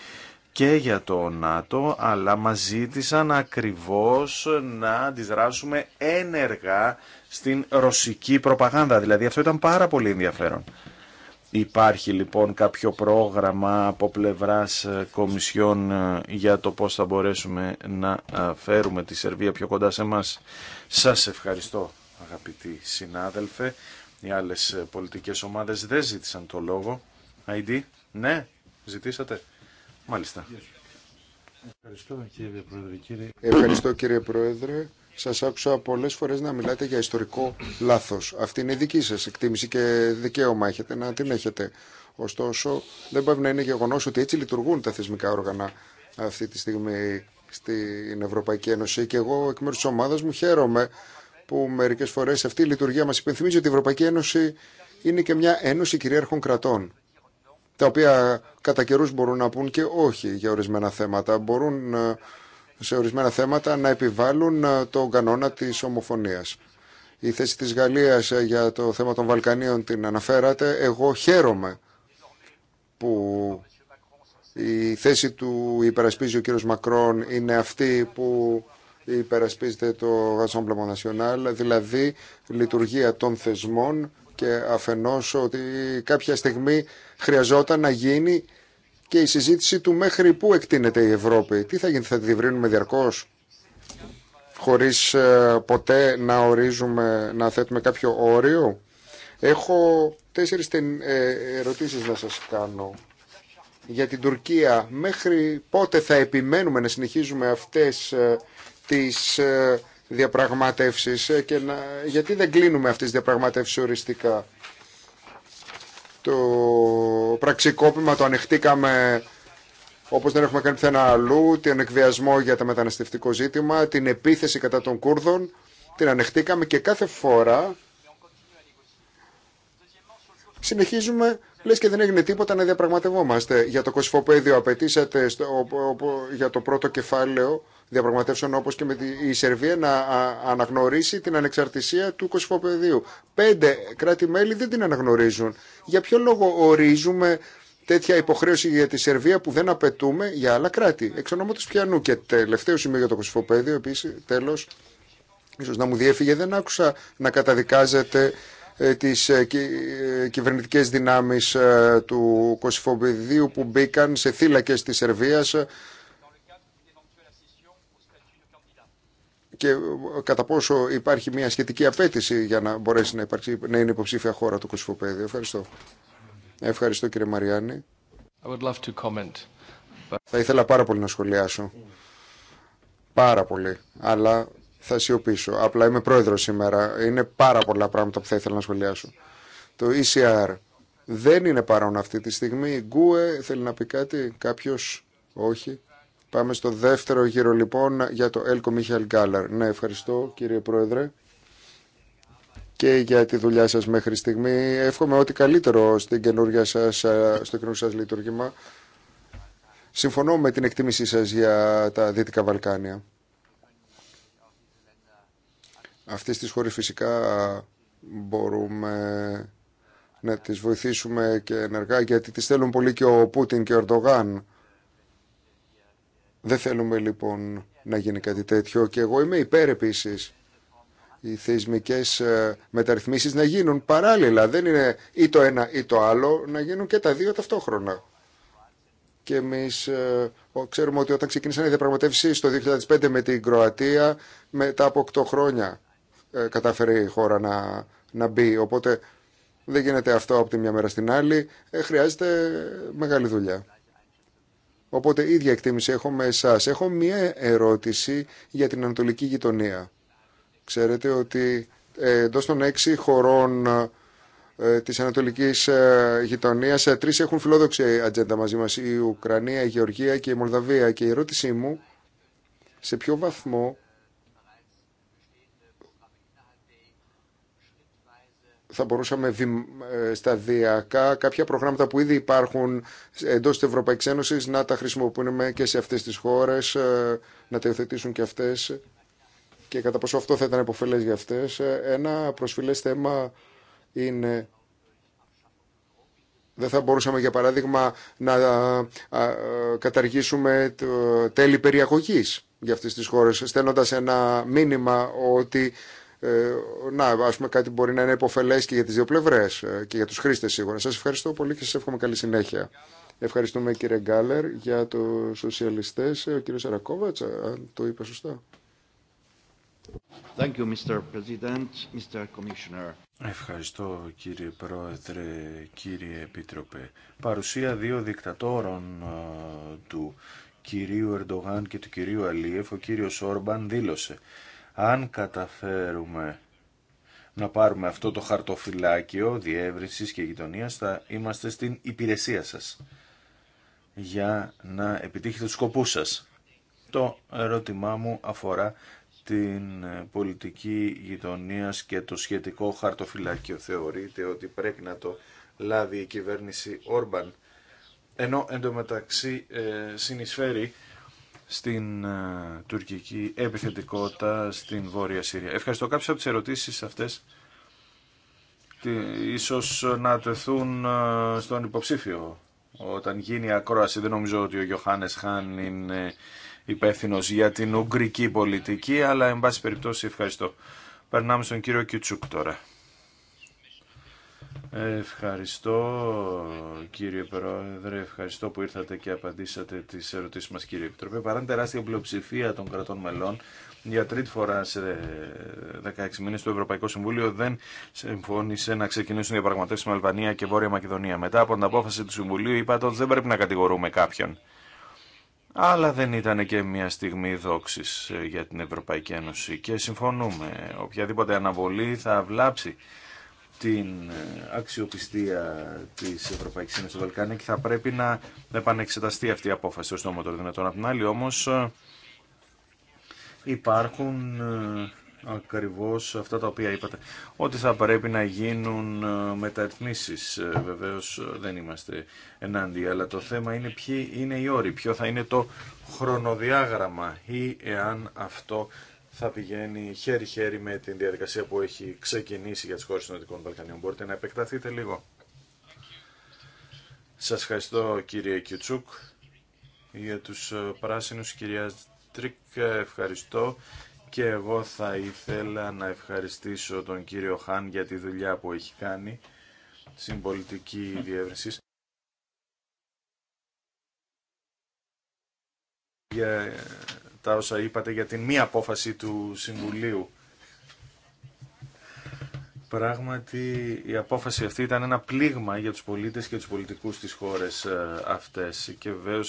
και για το ΝΑΤΟ, αλλά μας ζήτησαν ακριβώς να αντιδράσουμε ένεργα στην ρωσική προπαγάνδα. Δηλαδή αυτό ήταν πάρα πολύ ενδιαφέρον. Υπάρχει λοιπόν κάποιο πρόγραμμα από πλευράς ε, κομισιών ε, για το πώς θα μπορέσουμε να ε, φέρουμε τη Σερβία πιο κοντά σε μας. Σας ευχαριστώ αγαπητοί συνάδελφε. Οι άλλες πολιτικές ομάδες δεν ζήτησαν το λόγο. Αιντι, ναι, ζητήσατε. Μάλιστα. Ευχαριστώ κύριε Πρόεδρε. Ευχαριστώ κύριε Πρόεδρε. Σα άκουσα πολλέ φορέ να μιλάτε για ιστορικό λάθο. Αυτή είναι η δική σα εκτίμηση και δικαίωμα έχετε να την έχετε. Ωστόσο, δεν πρέπει να είναι γεγονό ότι έτσι λειτουργούν τα θεσμικά όργανα αυτή τη στιγμή στην Ευρωπαϊκή Ένωση. Και εγώ, εκ μέρου τη ομάδα μου, χαίρομαι που μερικέ φορέ αυτή η λειτουργία μα υπενθυμίζει ότι η Ευρωπαϊκή Ένωση είναι και μια ένωση κυρίαρχων κρατών. Τα οποία κατά καιρού μπορούν να πούν και όχι για ορισμένα θέματα. Μπορούν ε, σε ορισμένα θέματα να επιβάλλουν ε, τον κανόνα της ομοφωνίας. Η θέση της Γαλλίας ε, για το θέμα των Βαλκανίων την αναφέρατε. Εγώ χαίρομαι που η θέση του υπερασπίζει ο κύριος Μακρόν είναι αυτή που υπερασπίζεται το Rassemblement Νασιονάλ, δηλαδή λειτουργία των θεσμών και αφενός ότι κάποια στιγμή χρειαζόταν να γίνει και η συζήτηση του μέχρι πού εκτείνεται η Ευρώπη. Τι θα γίνει, θα τη διευρύνουμε διαρκώς χωρίς ε, ποτέ να ορίζουμε, να θέτουμε κάποιο όριο. Έχω τέσσερις ε, ερωτήσεις να σας κάνω. Για την Τουρκία, μέχρι πότε θα επιμένουμε να συνεχίζουμε αυτές ε, τις διαπραγματεύσεις και να... γιατί δεν κλείνουμε αυτές τις διαπραγματεύσεις οριστικά. Το πραξικόπημα το ανεχτήκαμε όπως δεν έχουμε κάνει πουθενά αλλού, Την εκβιασμό για το μεταναστευτικό ζήτημα, την επίθεση κατά των Κούρδων, την ανεχτήκαμε και κάθε φορά συνεχίζουμε, λες και δεν έγινε τίποτα να διαπραγματευόμαστε. Για το κοσφοπέδιο απαιτήσατε για το πρώτο κεφάλαιο διαπραγματεύσεων όπως και με τη, η Σερβία να αναγνωρίσει την ανεξαρτησία του κοσφοπεδίου. Πέντε κράτη-μέλη δεν την αναγνωρίζουν. Για ποιο λόγο ορίζουμε τέτοια υποχρέωση για τη Σερβία που δεν απαιτούμε για άλλα κράτη. Εξ ονόματος πιανού και τελευταίο σημείο για το κοσφοπέδιο επίσης τέλος. Ίσως να μου διέφυγε, δεν άκουσα να καταδικάζεται ε, τις ε, ε, κυβερνητικές δυνάμεις του Κωσυφοπεδίου που μπήκαν σε θύλακες της Σερβίας και κατά πόσο υπάρχει μια σχετική απέτηση για να μπορέσει να, υπάρξει, να είναι υποψήφια χώρα του Κωσυφοπέδιου. Ευχαριστώ. Ευχαριστώ κύριε Μαριάννη. Θα ήθελα πάρα πολύ να σχολιάσω. Πάρα πολύ. Αλλά θα σιωπήσω. Απλά είμαι πρόεδρο σήμερα. Είναι πάρα πολλά πράγματα που θα ήθελα να σχολιάσω. Το ECR δεν είναι παρόν αυτή τη στιγμή. Γκουε θέλει να πει κάτι. κάποιο Όχι. Πάμε στο δεύτερο γύρο λοιπόν για το Έλκο Michael Galler. Ναι, ευχαριστώ κύριε Πρόεδρε και για τη δουλειά σας μέχρι στιγμή. Εύχομαι ό,τι καλύτερο στην καινούργια σας, στο καινούργιο σας λειτουργήμα. Συμφωνώ με την εκτίμησή σας για τα Δυτικά Βαλκάνια. Αυτές τις χώρες φυσικά μπορούμε να τις βοηθήσουμε και ενεργά γιατί τις θέλουν πολύ και ο Πούτιν και ο Ερντογάν. Δεν θέλουμε λοιπόν να γίνει κάτι τέτοιο και εγώ είμαι υπέρ επίση, οι θεσμικές ε, μεταρρυθμίσεις να γίνουν παράλληλα. Δεν είναι ή το ένα ή το άλλο, να γίνουν και τα δύο ταυτόχρονα. Και εμεί ε, ξέρουμε ότι όταν ξεκίνησαν οι διαπραγματεύσει το 2005 με την Κροατία, μετά από 8 χρόνια ε, κατάφερε η χώρα να, να μπει. Οπότε δεν γίνεται αυτό από τη μια μέρα στην άλλη. Ε, χρειάζεται μεγάλη δουλειά. Οπότε ίδια εκτίμηση έχω με εσά. Έχω μία ερώτηση για την Ανατολική Γειτονία. Ξέρετε ότι ε, εντό των έξι χωρών της Ανατολικής Γειτονίας τρει έχουν φιλόδοξη ατζέντα μαζί μα. Η Ουκρανία, η Γεωργία και η Μολδαβία. Και η ερώτησή μου, σε ποιο βαθμό θα μπορούσαμε ε, σταδιακά κάποια προγράμματα που ήδη υπάρχουν εντό τη Ευρωπαϊκή Ένωση να τα χρησιμοποιούμε και σε αυτέ τι χώρε, ε, να τα υιοθετήσουν και αυτέ και κατά πόσο αυτό θα ήταν υποφελέ για αυτέ. Ε, ένα προσφυλέ θέμα είναι. Δεν θα μπορούσαμε, για παράδειγμα, να καταργήσουμε το τέλη περιαγωγής για αυτές τις χώρες, στέλνοντας ένα μήνυμα ότι ε, να, ας πούμε κάτι μπορεί να είναι υποφελέ και για τις δύο πλευρές ε, και για τους χρήστε σίγουρα. Σα ευχαριστώ πολύ και σα εύχομαι καλή συνέχεια. Ευχαριστούμε κύριε Γκάλερ για του σοσιαλιστές. Ε, ο κύριος Αρακόβατς, αν το είπα σωστά. Thank you, Mr. President, Mr. Commissioner. Ευχαριστώ κύριε Πρόεδρε, κύριε Επίτροπε. Παρουσία δύο δικτατόρων του κυρίου Ερντογάν και του κυρίου Αλίεφ, ο κύριος Όρμπαν δήλωσε αν καταφέρουμε να πάρουμε αυτό το χαρτοφυλάκιο διεύρυνσης και γειτονίας θα είμαστε στην υπηρεσία σας για να επιτύχετε τους σκοπούς σας. Το ερώτημά μου αφορά την πολιτική γειτονίας και το σχετικό χαρτοφυλάκιο. Θεωρείτε ότι πρέπει να το λάβει η κυβέρνηση Όρμπαν ενώ εντωμεταξύ ε, συνεισφέρει στην ε, τουρκική επιθετικότητα στην Βόρεια Συρία. Ευχαριστώ κάποιες από τις ερωτήσεις αυτές ίσως να τεθούν ε, στον υποψήφιο όταν γίνει η ακρόαση. Δεν νομίζω ότι ο Γιωχάνες Χάν είναι υπεύθυνο για την ουγγρική πολιτική, αλλά εν πάση περιπτώσει ευχαριστώ. Περνάμε στον κύριο Κιουτσούκ τώρα. Ευχαριστώ κύριε Πρόεδρε, ευχαριστώ που ήρθατε και απαντήσατε τις ερωτήσεις μας κύριε Επιτροπέ. Παρά την τεράστια πλειοψηφία των κρατών μελών, για τρίτη φορά σε 16 μήνες το Ευρωπαϊκό Συμβούλιο δεν συμφώνησε να ξεκινήσουν οι διαπραγματεύσει με Αλβανία και Βόρεια Μακεδονία. Μετά από την απόφαση του Συμβουλίου είπατε ότι δεν πρέπει να κατηγορούμε κάποιον. Αλλά δεν ήταν και μια στιγμή δόξη για την Ευρωπαϊκή Ένωση και συμφωνούμε. Οποιαδήποτε αναβολή θα βλάψει την ε, αξιοπιστία της Ευρωπαϊκής Ένωση στο Βαλκάνια και θα πρέπει να επανεξεταστεί αυτή η απόφαση ω το των δυνατών. Απ' την άλλη όμως ε, υπάρχουν ε, ακριβώ αυτά τα οποία είπατε, ότι θα πρέπει να γίνουν μεταρρυθμίσει. Βεβαίως δεν είμαστε ενάντια, αλλά το θέμα είναι ποιοι είναι οι όροι, ποιο θα είναι το χρονοδιάγραμμα ή εάν αυτό θα πηγαίνει χέρι-χέρι με την διαδικασία που έχει ξεκινήσει για τις χώρες των Δυτικών Βαλκανίων. Μπορείτε να επεκταθείτε λίγο. Σας ευχαριστώ κύριε Κιουτσούκ για τους ε, πράσινους κυρία Τρίκ. Ε, ευχαριστώ και εγώ θα ήθελα να ευχαριστήσω τον κύριο Χάν για τη δουλειά που έχει κάνει στην πολιτική διεύρυνση. Ε, τα όσα είπατε για την μία απόφαση του Συμβουλίου. Πράγματι η απόφαση αυτή ήταν ένα πλήγμα για τους πολίτες και τους πολιτικούς της χώρες ε, αυτές και βεβαίω ε,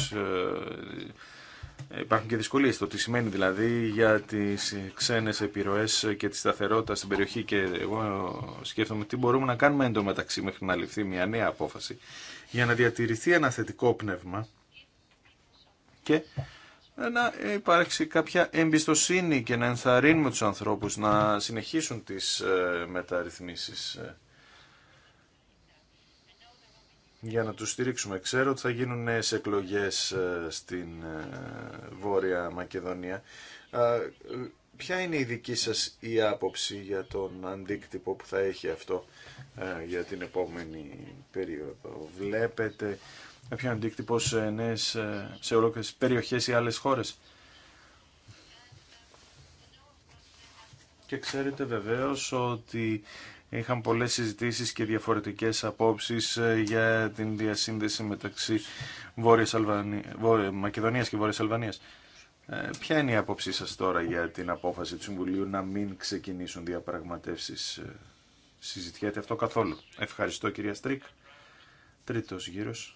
υπάρχουν και δυσκολίες το τι σημαίνει δηλαδή για τις ξένες επιρροές και τη σταθερότητα στην περιοχή και εγώ σκέφτομαι τι μπορούμε να κάνουμε μεταξύ μέχρι να ληφθεί μια νέα απόφαση για να διατηρηθεί ένα θετικό πνεύμα και ε, να υπάρξει κάποια εμπιστοσύνη και να ενθαρρύνουμε τους ανθρώπους να συνεχίσουν τις ε, μεταρρυθμίσεις ε, για να τους στηρίξουμε. Ξέρω ότι θα γίνουν νέες εκλογές στην Βόρεια Μακεδονία. Ποια είναι η δική σας η άποψη για τον αντίκτυπο που θα έχει αυτό για την επόμενη περίοδο. Βλέπετε έχει αντίκτυπο σε, νέες, ε, σε περιοχές ή άλλες χώρες. Και ξέρετε βεβαίως ότι είχαν πολλές συζητήσεις και διαφορετικές απόψεις ε, για την διασύνδεση μεταξύ Βόρειας Αλβανία, Μακεδονίας και Βόρειας Αλβανίας. Ε, ποια είναι η άποψή σας τώρα για την απόφαση του Συμβουλίου να μην ξεκινήσουν διαπραγματεύσεις. Συζητιέται αυτό καθόλου. Ευχαριστώ κυρία Στρίκ. Τρίτος γύρος.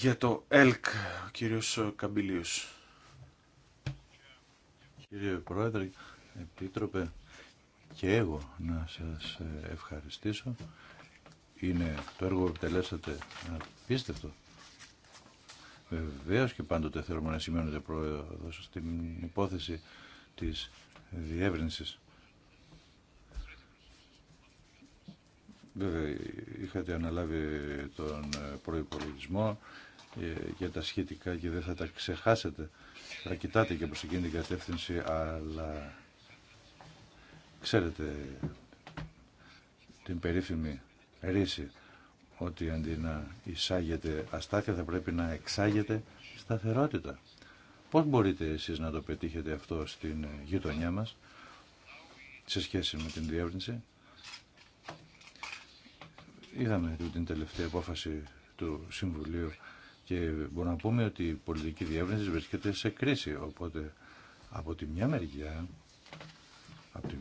Για το ΕΛΚ, ο κύριος Καμπυλίους. Κύριε Πρόεδρε, Επίτροπε, και εγώ να σας ευχαριστήσω. Είναι το έργο που επιτελέσατε απίστευτο. Βεβαίω και πάντοτε θέλουμε να σημαίνονται πρόεδρο στην υπόθεση της διεύρυνσης. Βέβαια, είχατε αναλάβει τον προϋπολογισμό ε, για τα σχετικά και δεν θα τα ξεχάσετε. Θα κοιτάτε και προς εκείνη την κατεύθυνση, αλλά ξέρετε την περίφημη ρίση ότι αντί να εισάγεται αστάθεια θα πρέπει να εξάγετε σταθερότητα. Πώς μπορείτε εσείς να το πετύχετε αυτό στην γειτονιά μας σε σχέση με την διεύρυνση. Είδαμε την τελευταία απόφαση του Συμβουλίου και μπορούμε να πούμε ότι η πολιτική διεύρυνση βρίσκεται σε κρίση. Οπότε από τη μια μεριά, από τη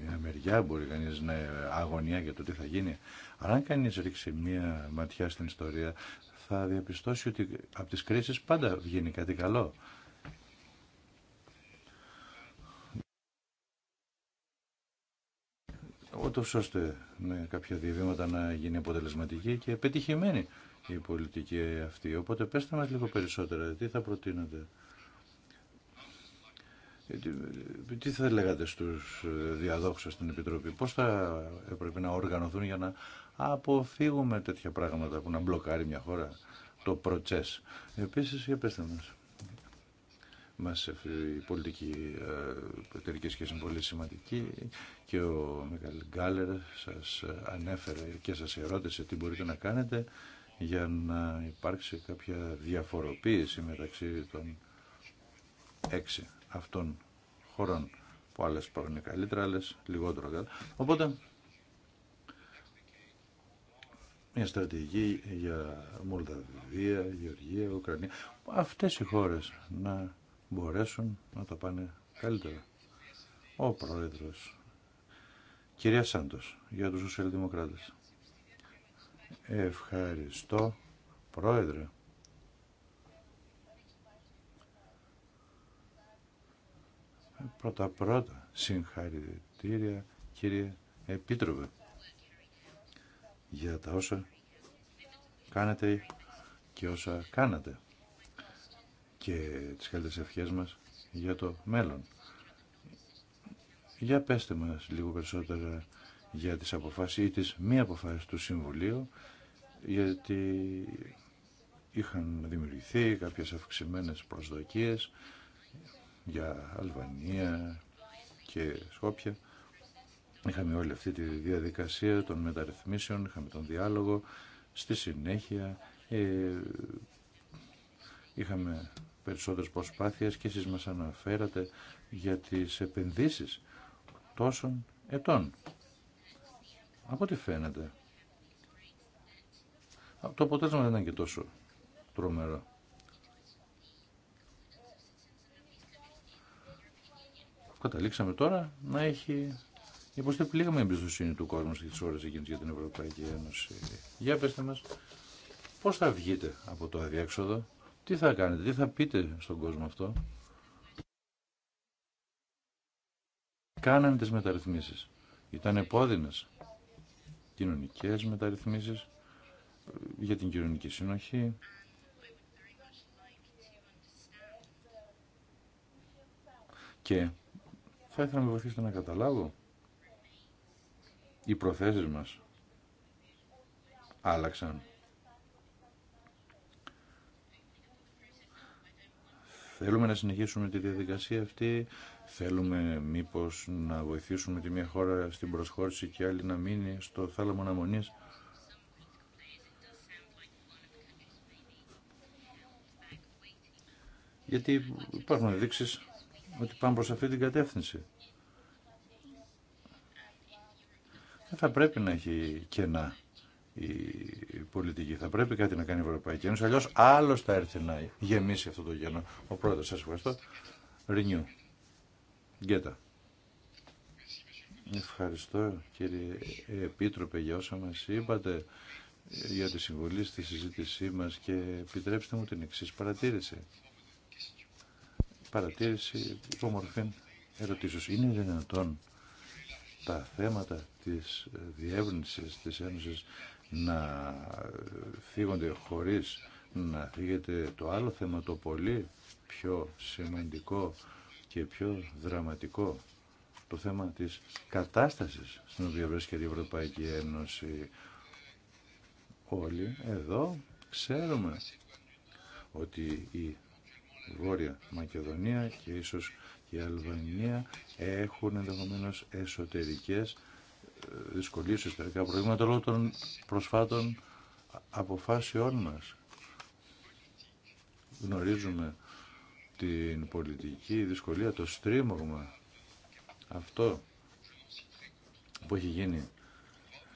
μια μεριά μπορεί κανεί να αγωνία για το τι θα γίνει. Αλλά αν κανεί ρίξει μια ματιά στην ιστορία, θα διαπιστώσει ότι από τι κρίσει πάντα βγαίνει κάτι καλό. Ότως ώστε με κάποια διαβήματα να γίνει αποτελεσματική και πετυχημένη η πολιτική αυτή. Οπότε πέστε μας λίγο περισσότερα, τι θα προτείνετε. Ε, τι θα λέγατε στους ε, διαδόχους στην Επιτροπή, πώς θα έπρεπε να οργανωθούν για να αποφύγουμε τέτοια πράγματα που να μπλοκάρει μια χώρα το προτσές. Επίσης, για πέστε μας. Μας ε, η πολιτική εταιρική σχέση είναι πολύ σημαντική και ο Μικαλ Γκάλερ σας ανέφερε και σας ερώτησε τι μπορείτε να κάνετε για να υπάρξει κάποια διαφοροποίηση μεταξύ των έξι αυτών χωρών που άλλες πάνε καλύτερα, άλλες λιγότερο καλύτερα. Οπότε, μια στρατηγική για Μολδαβία, Γεωργία, Ουκρανία, αυτές οι χώρες να μπορέσουν να τα πάνε καλύτερα. Ο Πρόεδρος, κυρία Σάντος, για τους Σοσιαλδημοκράτες. Ευχαριστώ, Πρόεδρε. Πρώτα-πρώτα, συγχαρητήρια, κύριε Επίτροπε, για τα όσα κάνετε και όσα κάνατε και τις καλύτερες ευχές μας για το μέλλον. Για πέστε μας λίγο περισσότερα για τις αποφάσεις ή τις μη αποφάσεις του Συμβουλίου γιατί είχαν δημιουργηθεί κάποιες αυξημένες προσδοκίες για Αλβανία και Σκόπια. Είχαμε όλη αυτή τη διαδικασία των μεταρρυθμίσεων, είχαμε τον διάλογο, στη συνέχεια ε, είχαμε περισσότερες προσπάθειες και εσείς μας αναφέρατε για τις επενδύσεις τόσων ετών από ό,τι φαίνεται. Το αποτέλεσμα δεν ήταν και τόσο τρομερό. Καταλήξαμε τώρα να έχει υποστεί με εμπιστοσύνη του κόσμου στις ώρες εκείνες για την Ευρωπαϊκή Ένωση. Για πετε μας, πώς θα βγείτε από το αδιέξοδο, τι θα κάνετε, τι θα πείτε στον κόσμο αυτό. Κάνανε τις μεταρρυθμίσεις. Ήταν επώδυνε κοινωνικές μεταρρυθμίσεις, για την κοινωνική συνοχή. Και θα ήθελα να με βοηθήσετε να καταλάβω οι προθέσεις μας άλλαξαν. Θέλουμε να συνεχίσουμε τη διαδικασία αυτή Θέλουμε μήπως να βοηθήσουμε τη μία χώρα στην προσχώρηση και άλλη να μείνει στο θάλαμο αναμονής. Γιατί υπάρχουν δείξει ότι πάμε προς αυτή την κατεύθυνση. Δεν θα πρέπει να έχει κενά η πολιτική. Θα πρέπει κάτι να κάνει η Ευρωπαϊκή Ένωση. Αλλιώ άλλο θα έρθει να γεμίσει αυτό το κενό. Ο πρόεδρο, σα ευχαριστώ. Renew. Γκέτα. Ευχαριστώ κύριε Επίτροπε για όσα μας είπατε για τη συμβολή στη συζήτησή μας και επιτρέψτε μου την εξής παρατήρηση. Παρατήρηση υπομορφή ερωτήσεως. Είναι δυνατόν τα θέματα της διεύρυνσης της Ένωσης να φύγονται χωρίς να φύγεται το άλλο θέμα το πολύ πιο σημαντικό και πιο δραματικό το θέμα της κατάστασης στην οποία βρίσκεται η Ευρωπαϊκή Ένωση. Όλοι εδώ ξέρουμε ότι η Βόρεια Μακεδονία και ίσως η Αλβανία έχουν ενδεχομένω εσωτερικές ε, δυσκολίες, εσωτερικά προβλήματα λόγω των προσφάτων αποφάσεών μας. Γνωρίζουμε την πολιτική δυσκολία, το στρίμωγμα αυτό που έχει γίνει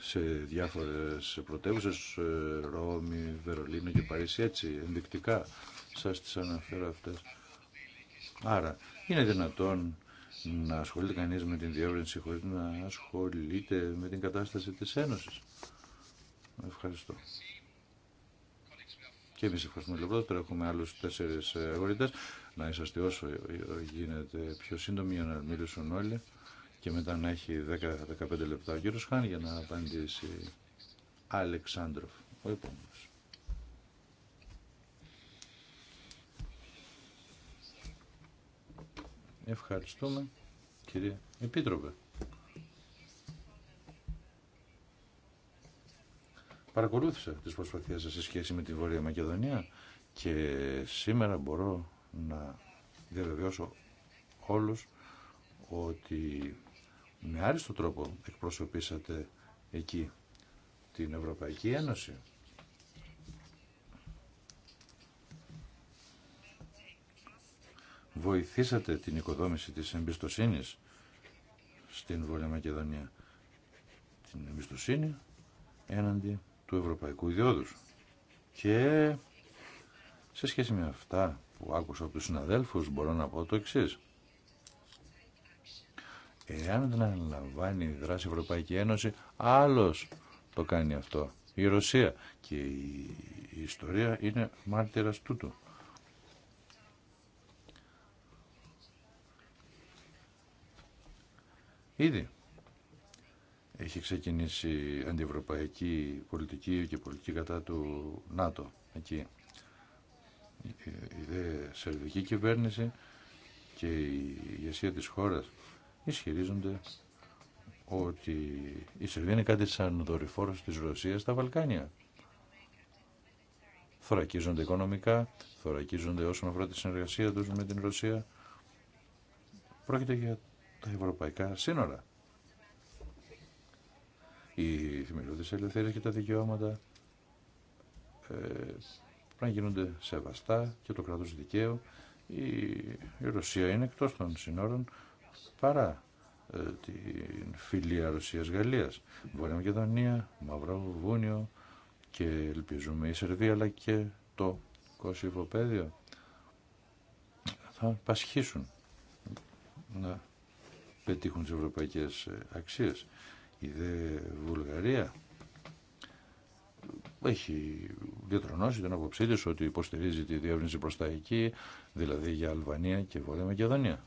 σε διάφορες πρωτεύουσες, ε, Ρώμη, Βερολίνο και Παρίσι, έτσι ενδεικτικά σας τις αναφέρω αυτές. Άρα, είναι δυνατόν να ασχολείται κανείς με την διεύρυνση χωρίς να ασχολείται με την κατάσταση της Ένωσης. Ευχαριστώ. Και εμεί ευχαριστούμε λοιπόν. Τώρα έχουμε άλλου τέσσερι αγορητέ. Ε, να είσαστε όσο ε, γίνεται πιο σύντομοι για να μιλήσουν όλοι. Και μετά να έχει 10-15 λεπτά ο κύριο Χάν για να απαντήσει. Αλεξάνδροφ, ο επόμενο. Ευχαριστούμε, κύριε. Επίτροπε. παρακολούθησα τις προσπαθίες σας σε σχέση με τη Βόρεια Μακεδονία και σήμερα μπορώ να διαβεβαιώσω όλους ότι με άριστο τρόπο εκπροσωπήσατε εκεί την Ευρωπαϊκή Ένωση. Βοηθήσατε την οικοδόμηση της εμπιστοσύνης στην Βόρεια Μακεδονία. Την εμπιστοσύνη έναντι του Ευρωπαϊκού Ιδιώδους. Και σε σχέση με αυτά που άκουσα από τους συναδέλφους μπορώ να πω το εξή. Εάν δεν αναλαμβάνει η δράση Ευρωπαϊκή Ένωση, άλλος το κάνει αυτό. Η Ρωσία και η ιστορία είναι μάρτυρας τούτου. Ήδη έχει ξεκινήσει αντιευρωπαϊκή πολιτική και πολιτική κατά του ΝΑΤΟ εκεί. Η σερβική κυβέρνηση και η ηγεσία της χώρας ισχυρίζονται ότι η Σερβία είναι κάτι σαν δορυφόρος της Ρωσίας στα Βαλκάνια. Θωρακίζονται οικονομικά, θωρακίζονται όσον αφορά τη συνεργασία τους με την Ρωσία. Πρόκειται για τα ευρωπαϊκά σύνορα οι θεμελιώδεις ελευθερίες και τα δικαιώματα ε, πρέπει να γίνονται σεβαστά και το κράτος δικαίου. Η, η Ρωσία είναι εκτός των συνόρων παρά ε, την φιλία Ρωσίας-Γαλλίας. Βόρεια Μακεδονία, Μαυρό Βούνιο και ελπίζουμε η Σερβία αλλά και το Κωσυφοπαίδιο θα πασχίσουν να πετύχουν τις ευρωπαϊκές ε, αξίες. Η δε Βουλγαρία έχει διατρονώσει την άποψή τη ότι υποστηρίζει τη διεύρυνση προ τα εκεί, δηλαδή για Αλβανία και Βόρεια Μακεδονία.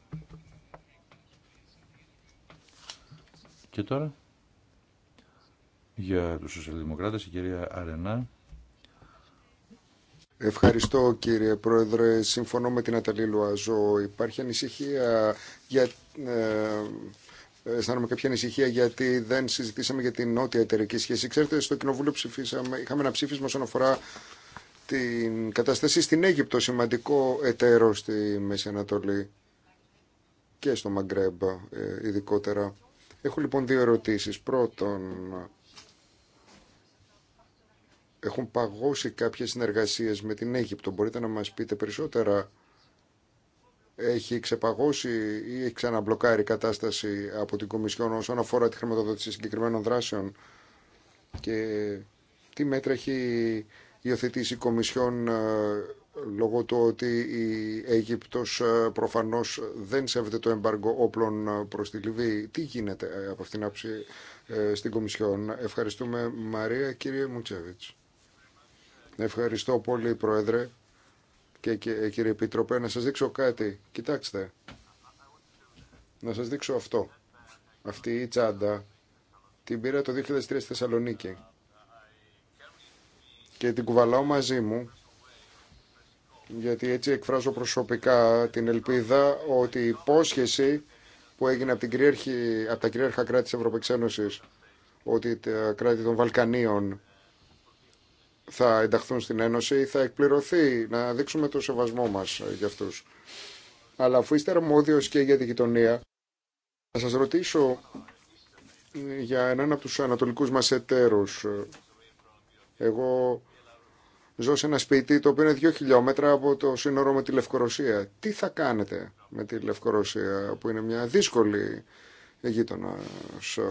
Και τώρα για τους σοσιαλδημοκράτες η κυρία Αρενά. Ευχαριστώ κύριε Πρόεδρε. Συμφωνώ με την Αταλή Λουαζό. Υπάρχει ανησυχία για ε, αισθάνομαι κάποια ανησυχία γιατί δεν συζητήσαμε για την νότια εταιρική σχέση. Ξέρετε, στο Κοινοβούλιο ψηφίσαμε, είχαμε ένα ψήφισμα όσον αφορά την κατάσταση στην Αίγυπτο, σημαντικό εταίρο στη Μέση Ανατολή και στο Μαγκρέμπ ε, ειδικότερα. Έχω λοιπόν δύο ερωτήσεις. Πρώτον, έχουν παγώσει κάποιες συνεργασίες με την Αίγυπτο. Μπορείτε να μας πείτε περισσότερα έχει ξεπαγώσει ή έχει ξαναμπλοκάρει η κατάσταση από την Κομισιόν όσον αφορά τη χρηματοδότηση συγκεκριμένων δράσεων και τι μέτρα έχει υιοθετήσει η Κομισιόν ε, λόγω του ότι η Αίγυπτος ε, προφανώς δεν σέβεται το εμπάργκο όπλων προς τη Λιβύη. Τι γίνεται ε, από αυτήν την άψη στην Κομισιόν. Ευχαριστούμε Μαρία, κύριε Μουτσέβιτς. Ευχαριστώ πολύ, Πρόεδρε και, ε, κύριε Επιτροπέ να σας δείξω κάτι. Κοιτάξτε, να σας δείξω αυτό. Αυτή η τσάντα την πήρα το 2003 στη Θεσσαλονίκη και την κουβαλάω μαζί μου γιατί έτσι εκφράζω προσωπικά την ελπίδα ότι η υπόσχεση που έγινε από, την κυρίαρχη, από τα κυρίαρχα κράτη της Ευρωπαϊκής Ένωσης ότι τα κράτη των Βαλκανίων θα ενταχθούν στην Ένωση θα εκπληρωθεί, να δείξουμε το σεβασμό μας για αυτούς. Αλλά αφού είστε αρμόδιος και για τη γειτονία, θα σας ρωτήσω για έναν από τους ανατολικούς μας εταίρους. Εγώ ζω σε ένα σπίτι το οποίο είναι δύο χιλιόμετρα από το σύνορο με τη Λευκορωσία. Τι θα κάνετε με τη Λευκορωσία που είναι μια δύσκολη γείτονα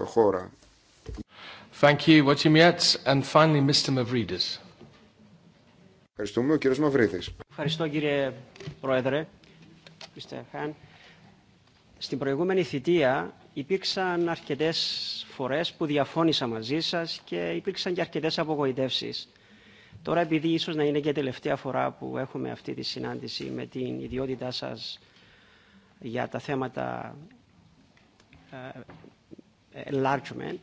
χώρα. Thank you, and finally, Mr. Mavridis. Ευχαριστούμε. Ο κύριος Μαυρίδης. Ευχαριστώ κύριε Πρόεδρε. Στην προηγούμενη θητεία υπήρξαν αρκετές φορές που διαφώνησα μαζί σας και υπήρξαν και αρκετές απογοητεύσεις. Τώρα επειδή ίσως να είναι και τελευταία φορά που έχουμε αυτή τη συνάντηση με την ιδιότητά σας για τα θέματα ε, ε, enlargement,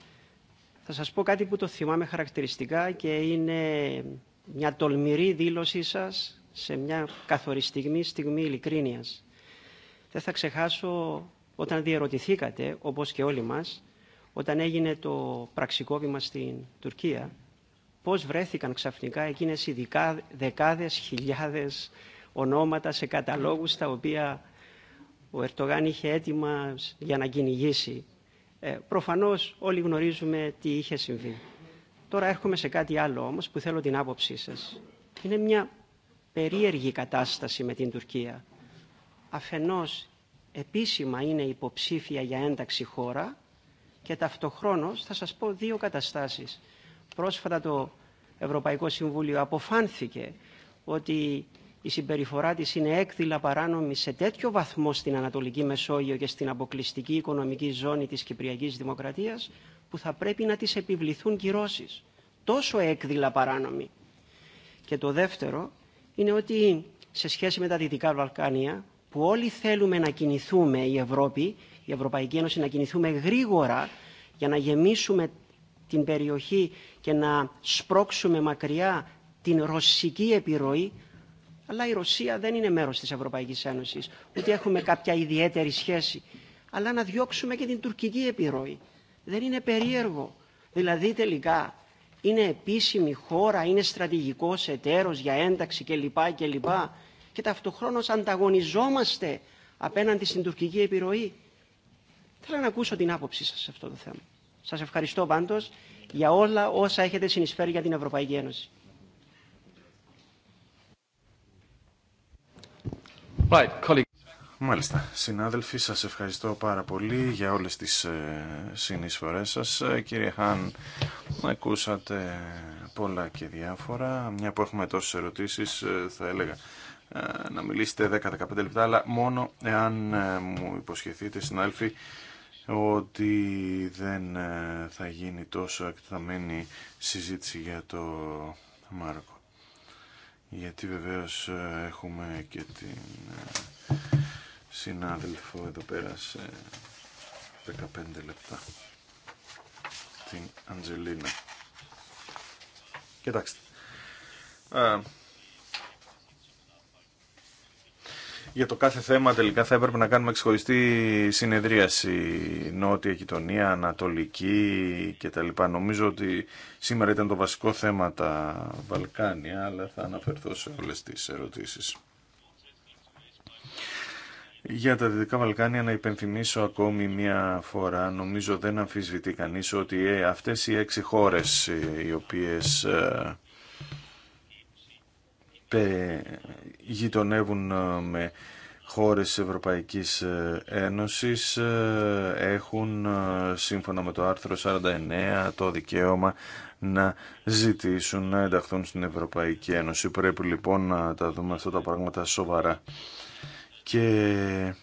θα σας πω κάτι που το θυμάμαι χαρακτηριστικά και είναι μια τολμηρή δήλωσή σας σε μια καθοριστική στιγμή ειλικρίνειας. Δεν θα ξεχάσω όταν διερωτηθήκατε, όπως και όλοι μας, όταν έγινε το πραξικόπημα στην Τουρκία, πώς βρέθηκαν ξαφνικά εκείνες οι δεκάδες χιλιάδες ονόματα σε καταλόγους τα οποία ο Ερτογάν είχε έτοιμα για να κυνηγήσει. Ε, προφανώς όλοι γνωρίζουμε τι είχε συμβεί. Τώρα έρχομαι σε κάτι άλλο όμως που θέλω την άποψή σας. Είναι μια περίεργη κατάσταση με την Τουρκία. Αφενός επίσημα είναι υποψήφια για ένταξη χώρα και ταυτοχρόνως θα σας πω δύο καταστάσεις. Πρόσφατα το Ευρωπαϊκό Συμβούλιο αποφάνθηκε ότι η συμπεριφορά της είναι έκδηλα παράνομη σε τέτοιο βαθμό στην Ανατολική Μεσόγειο και στην αποκλειστική οικονομική ζώνη της Κυπριακής Δημοκρατίας που θα πρέπει να τις επιβληθούν κυρώσεις. Τόσο έκδηλα παράνομη. Και το δεύτερο είναι ότι σε σχέση με τα Δυτικά Βαλκάνια, που όλοι θέλουμε να κινηθούμε η Ευρώπη, η Ευρωπαϊκή Ένωση να κινηθούμε γρήγορα για να γεμίσουμε την περιοχή και να σπρώξουμε μακριά την ρωσική επιρροή, αλλά η Ρωσία δεν είναι μέρος της Ευρωπαϊκής Ένωσης, ούτε έχουμε κάποια ιδιαίτερη σχέση, αλλά να διώξουμε και την τουρκική επιρροή. Δεν είναι περίεργο. Δηλαδή τελικά είναι επίσημη χώρα, είναι στρατηγικός εταίρος για ένταξη κλπ. Και ταυτοχρόνως ανταγωνιζόμαστε απέναντι στην τουρκική επιρροή. Θέλω να ακούσω την άποψή σας σε αυτό το θέμα. Σας ευχαριστώ πάντως για όλα όσα έχετε συνεισφέρει για την Ευρωπαϊκή Ένωση. Μάλιστα. Συνάδελφοι, σας ευχαριστώ πάρα πολύ για όλες τις ε, συνεισφορές σας. Ε, κύριε Χάν, ακούσατε πολλά και διάφορα. Μια που έχουμε τόσες ερωτήσεις, ε, θα έλεγα να μιλήσετε 10-15 λεπτά, αλλά μόνο εάν μου υποσχεθείτε, συνάδελφοι, ότι δεν θα γίνει τόσο εκταμένη συζήτηση για το Μάρκο. Γιατί βεβαίως έχουμε και την συνάδελφο εδώ πέρα σε 15 λεπτά. Την Αντζελίνα. Κοιτάξτε. ε, για το κάθε θέμα τελικά θα έπρεπε να κάνουμε ξεχωριστή συνεδρίαση νότια γειτονία, ανατολική κτλ. Νομίζω ότι σήμερα ήταν το βασικό θέμα τα Βαλκάνια, αλλά θα αναφερθώ σε όλες τις ερωτήσεις. Για τα Δυτικά Βαλκάνια να υπενθυμίσω ακόμη μια φορά, νομίζω δεν αμφισβητεί κανείς ότι ε, αυτές οι έξι χώρες ε, οι οποίες ε, γειτονεύουν ε, με χώρες της Ευρωπαϊκής ε, Ένωσης έχουν σύμφωνα με το άρθρο 49 το δικαίωμα να ζητήσουν να ενταχθούν στην Ευρωπαϊκή Ένωση. Πρέπει λοιπόν να τα δούμε αυτά τα πράγματα σοβαρά και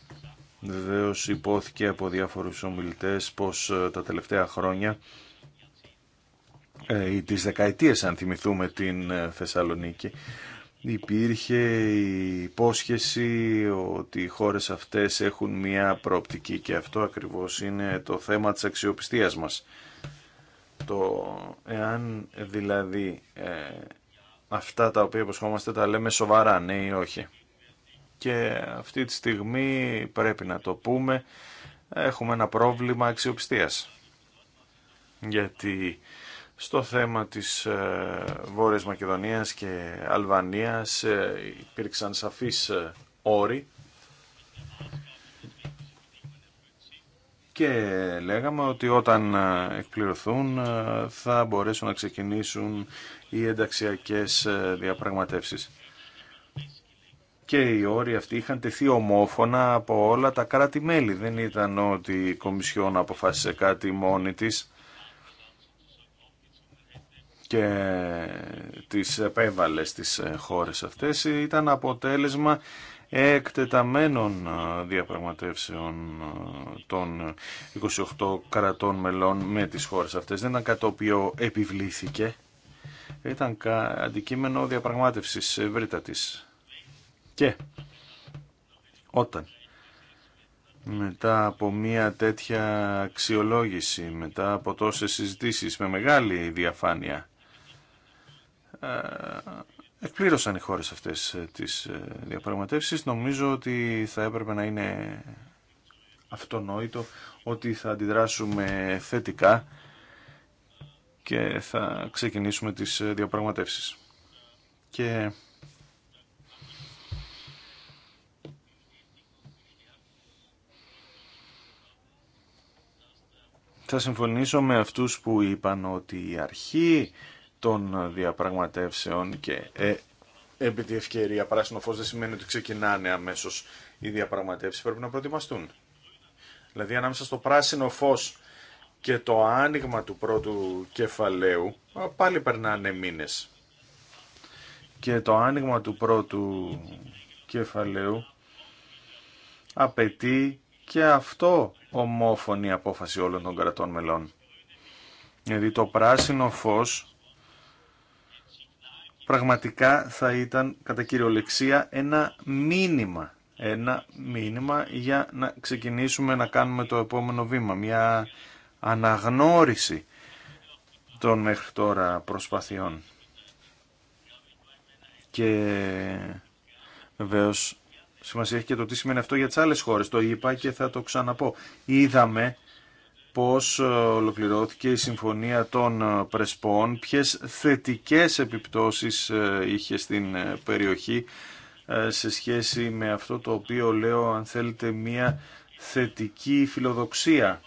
βεβαίω υπόθηκε από διάφορους ομιλητές πως ε, τα τελευταία χρόνια ε, ή τις δεκαετίες αν θυμηθούμε την ε, Θεσσαλονίκη υπήρχε η υπόσχεση ότι οι χώρες αυτές έχουν μια προοπτική και αυτό ακριβώς είναι το θέμα της αξιοπιστίας μας. Το εάν δηλαδή αυτά τα οποία υποσχόμαστε τα λέμε σοβαρά, ναι ή όχι και αυτή τη στιγμή πρέπει να το πούμε έχουμε ένα πρόβλημα αξιοπιστίας γιατί στο θέμα της ε, Βόρειας Μακεδονίας και Αλβανίας ε, υπήρξαν σαφείς ε, όροι και λέγαμε ότι όταν εκπληρωθούν θα μπορέσουν να ξεκινήσουν οι ενταξιακές διαπραγματεύσεις και οι όροι αυτοί είχαν τεθεί ομόφωνα από όλα τα κράτη-μέλη. Δεν ήταν ότι η Κομισιόν αποφάσισε κάτι μόνη της και τις επέβαλε στις χώρες αυτές. Ήταν αποτέλεσμα εκτεταμένων διαπραγματεύσεων των 28 κρατών μελών με τις χώρες αυτές. Δεν ήταν κάτι το οποίο επιβλήθηκε. Ήταν αντικείμενο διαπραγμάτευσης ευρύτατης. Και όταν μετά από μια τέτοια αξιολόγηση, μετά από τόσες συζητήσεις με μεγάλη διαφάνεια, ε, εκπλήρωσαν οι χώρες αυτές ε, τις ε, διαπραγματεύσεις. Νομίζω ότι θα έπρεπε να είναι αυτονόητο ότι θα αντιδράσουμε θετικά και θα ξεκινήσουμε τις διαπραγματεύσεις. Και Θα συμφωνήσω με αυτούς που είπαν ότι η αρχή των διαπραγματεύσεων και ε, επί τη ευκαιρία πράσινο φως δεν σημαίνει ότι ξεκινάνε αμέσως οι διαπραγματεύσεις, πρέπει να προετοιμαστούν. Δηλαδή ανάμεσα στο πράσινο φως και το άνοιγμα του πρώτου κεφαλαίου πάλι περνάνε μήνες. Και το άνοιγμα του πρώτου κεφαλαίου απαιτεί και αυτό ομόφωνη απόφαση όλων των κρατών μελών. Δηλαδή το πράσινο φως πραγματικά θα ήταν κατά κυριολεξία ένα μήνυμα. Ένα μήνυμα για να ξεκινήσουμε να κάνουμε το επόμενο βήμα. Μια αναγνώριση των μέχρι τώρα προσπαθειών. Και βεβαίω Σημασία έχει και το τι σημαίνει αυτό για τι άλλε χώρε Το είπα και θα το ξαναπώ. Είδαμε πώς ε, ολοκληρώθηκε η Συμφωνία των ε, Πρεσπών, ποιε θετικές επιπτώσεις ε, είχε στην περιοχή σε σχέση με αυτό το οποίο λέω αν θέλετε μια θετική φιλοδοξία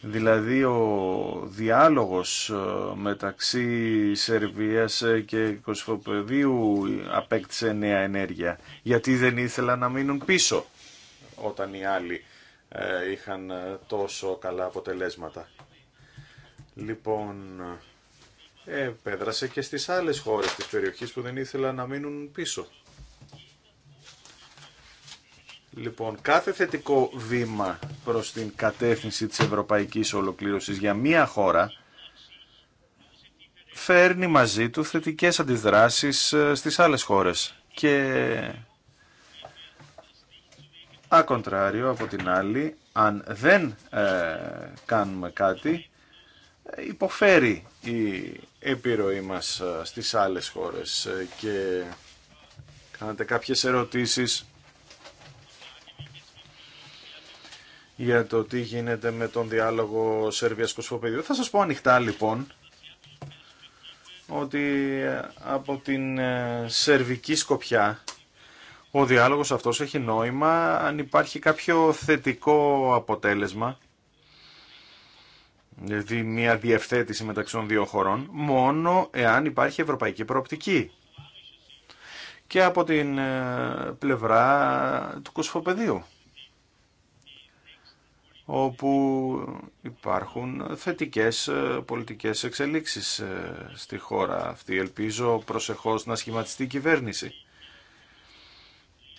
Δηλαδή ο διάλογος ε, μεταξύ Σερβίας ε, και Κωσφοπεδίου απέκτησε νέα ενέργεια γιατί δεν ήθελα να μείνουν πίσω όταν οι άλλοι ε, είχαν τόσο καλά αποτελέσματα. Λοιπόν, επέδρασε και στις άλλες χώρες της περιοχής που δεν ήθελα να μείνουν πίσω. Λοιπόν, κάθε θετικό βήμα προς την κατεύθυνση της ευρωπαϊκής ολοκλήρωσης για μία χώρα φέρνει μαζί του θετικές αντιδράσεις ε, στις άλλες χώρες. Και ακοντράριο από την άλλη, αν δεν ε, κάνουμε κάτι, υποφέρει η επιρροή μας ε, στις άλλες χώρες. Και κάνατε κάποιες ερωτήσεις για το τι γίνεται με τον διάλογο Σερβίας-Κοσφοπεδίου. Θα σας πω ανοιχτά λοιπόν ότι ε, από την ε, σερβική σκοπιά ο διάλογος αυτός έχει νόημα αν υπάρχει κάποιο θετικό αποτέλεσμα δηλαδή μια διευθέτηση μεταξύ των δύο χωρών μόνο εάν υπάρχει ευρωπαϊκή προοπτική και από την ε, πλευρά του κοσφοπεδίου όπου υπάρχουν θετικές ε, πολιτικές εξελίξεις ε, στη χώρα αυτή. Ελπίζω προσεχώς να σχηματιστεί η κυβέρνηση,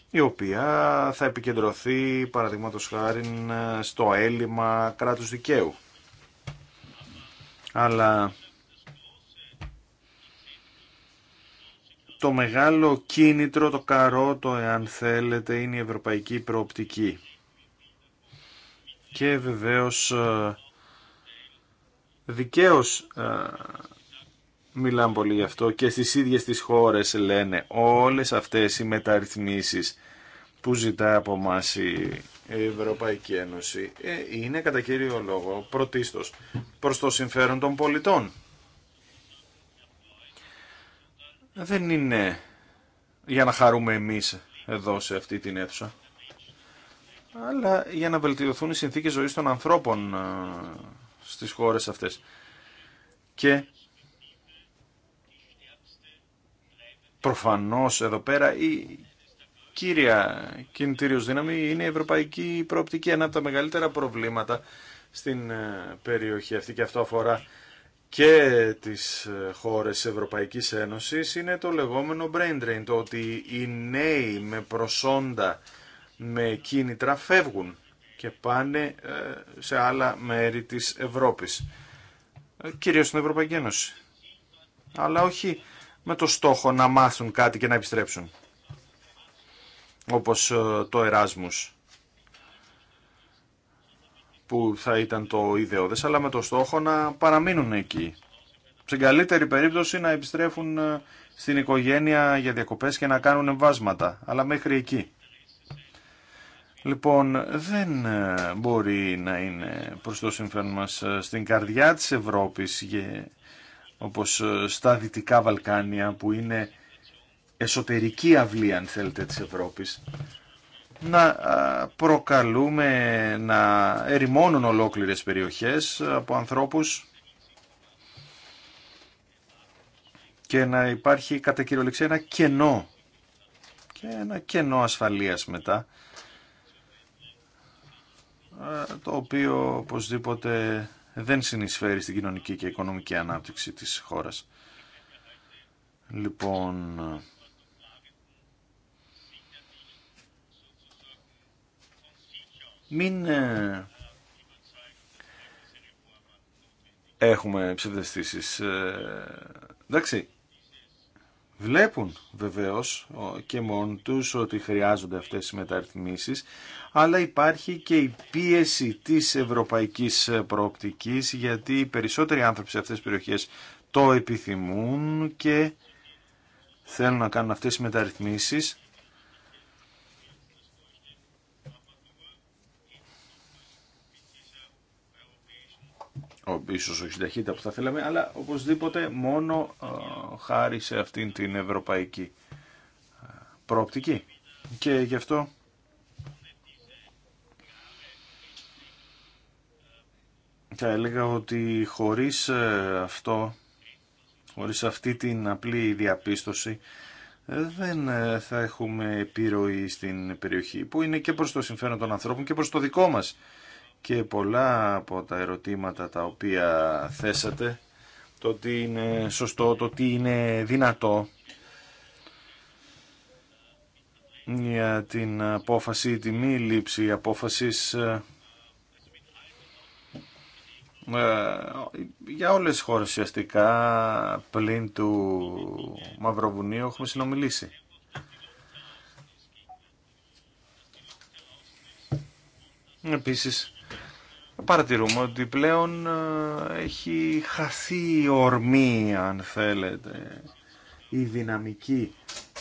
η οποία θα επικεντρωθεί παραδείγματος χάρη στο έλλειμμα κράτους δικαίου. Αλλά το μεγάλο κίνητρο, το καρότο, εάν θέλετε, είναι η ευρωπαϊκή προοπτική και βεβαίως ε, δικαίως ε, μιλάμε πολύ γι' αυτό και στις ίδιες τις χώρες λένε όλες αυτές οι μεταρρυθμίσεις που ζητάει από μας η Ευρωπαϊκή Ένωση ε, είναι κατά κύριο λόγο πρωτίστως προς το συμφέρον των πολιτών. Δεν είναι για να χαρούμε εμείς εδώ σε αυτή την αίθουσα αλλά για να βελτιωθούν οι συνθήκες ζωής των ανθρώπων ε, στις χώρες αυτές. Και προφανώς εδώ πέρα η κύρια κινητήριος δύναμη είναι η ευρωπαϊκή προοπτική, ένα από τα μεγαλύτερα προβλήματα στην ε, περιοχή αυτή και αυτό αφορά και τις ε, χώρες Ευρωπαϊκής Ένωσης είναι το λεγόμενο brain drain, το ότι οι νέοι με προσόντα με κίνητρα φεύγουν και πάνε ε, σε άλλα μέρη της Ευρώπης. Ε, κυρίως στην Ευρωπαϊκή Ένωση. Αλλά όχι με το στόχο να μάθουν κάτι και να επιστρέψουν. Όπως ε, το Εράσμους που θα ήταν το ιδεώδες, αλλά με το στόχο να παραμείνουν εκεί. Στην καλύτερη περίπτωση να επιστρέφουν στην οικογένεια για διακοπές και να κάνουν εμβάσματα, αλλά μέχρι εκεί. Λοιπόν, δεν ε, μπορεί να είναι προς το σύμφωνο μας ε, στην καρδιά της Ευρώπης, όπως ε, στα Δυτικά Βαλκάνια, που είναι εσωτερική αυλή, αν θέλετε, της Ευρώπης, να προκαλούμε να ερημώνουν ολόκληρες περιοχές από ανθρώπους και να υπάρχει κατά κυριολεξία ένα κενό και ένα κενό ασφαλείας μετά το οποίο οπωσδήποτε δεν συνεισφέρει στην κοινωνική και οικονομική ανάπτυξη της χώρας. Λοιπόν, μην ε, έχουμε ψευδεστήσεις. Ε, εντάξει, βλέπουν βεβαίως και μόνο τους ότι χρειάζονται αυτές οι μεταρρυθμίσεις, αλλά υπάρχει και η πίεση της ευρωπαϊκής προοπτικής, γιατί οι περισσότεροι άνθρωποι σε αυτές τις περιοχές το επιθυμούν και θέλουν να κάνουν αυτές τις μεταρρυθμίσεις ίσως όχι ταχύτητα που θα θέλαμε, αλλά οπωσδήποτε μόνο ε, χάρη σε αυτήν την ευρωπαϊκή ε, προοπτική. Και γι' αυτό θα έλεγα ότι χωρίς ε, αυτό, χωρίς αυτή την απλή διαπίστωση, δεν θα έχουμε επιρροή στην περιοχή, που είναι και προς το συμφέρον των ανθρώπων και προς το δικό μας και πολλά από τα ερωτήματα τα οποία θέσατε, το τι είναι σωστό, το τι είναι δυνατό για την απόφαση, τη μη λήψη απόφασης ε, ε, για όλες τις χώρες ουσιαστικά πλην του Μαυροβουνίου έχουμε συνομιλήσει. Επίσης, παρατηρούμε ότι πλέον ε, έχει χαθεί η ορμή, αν θέλετε, η δυναμική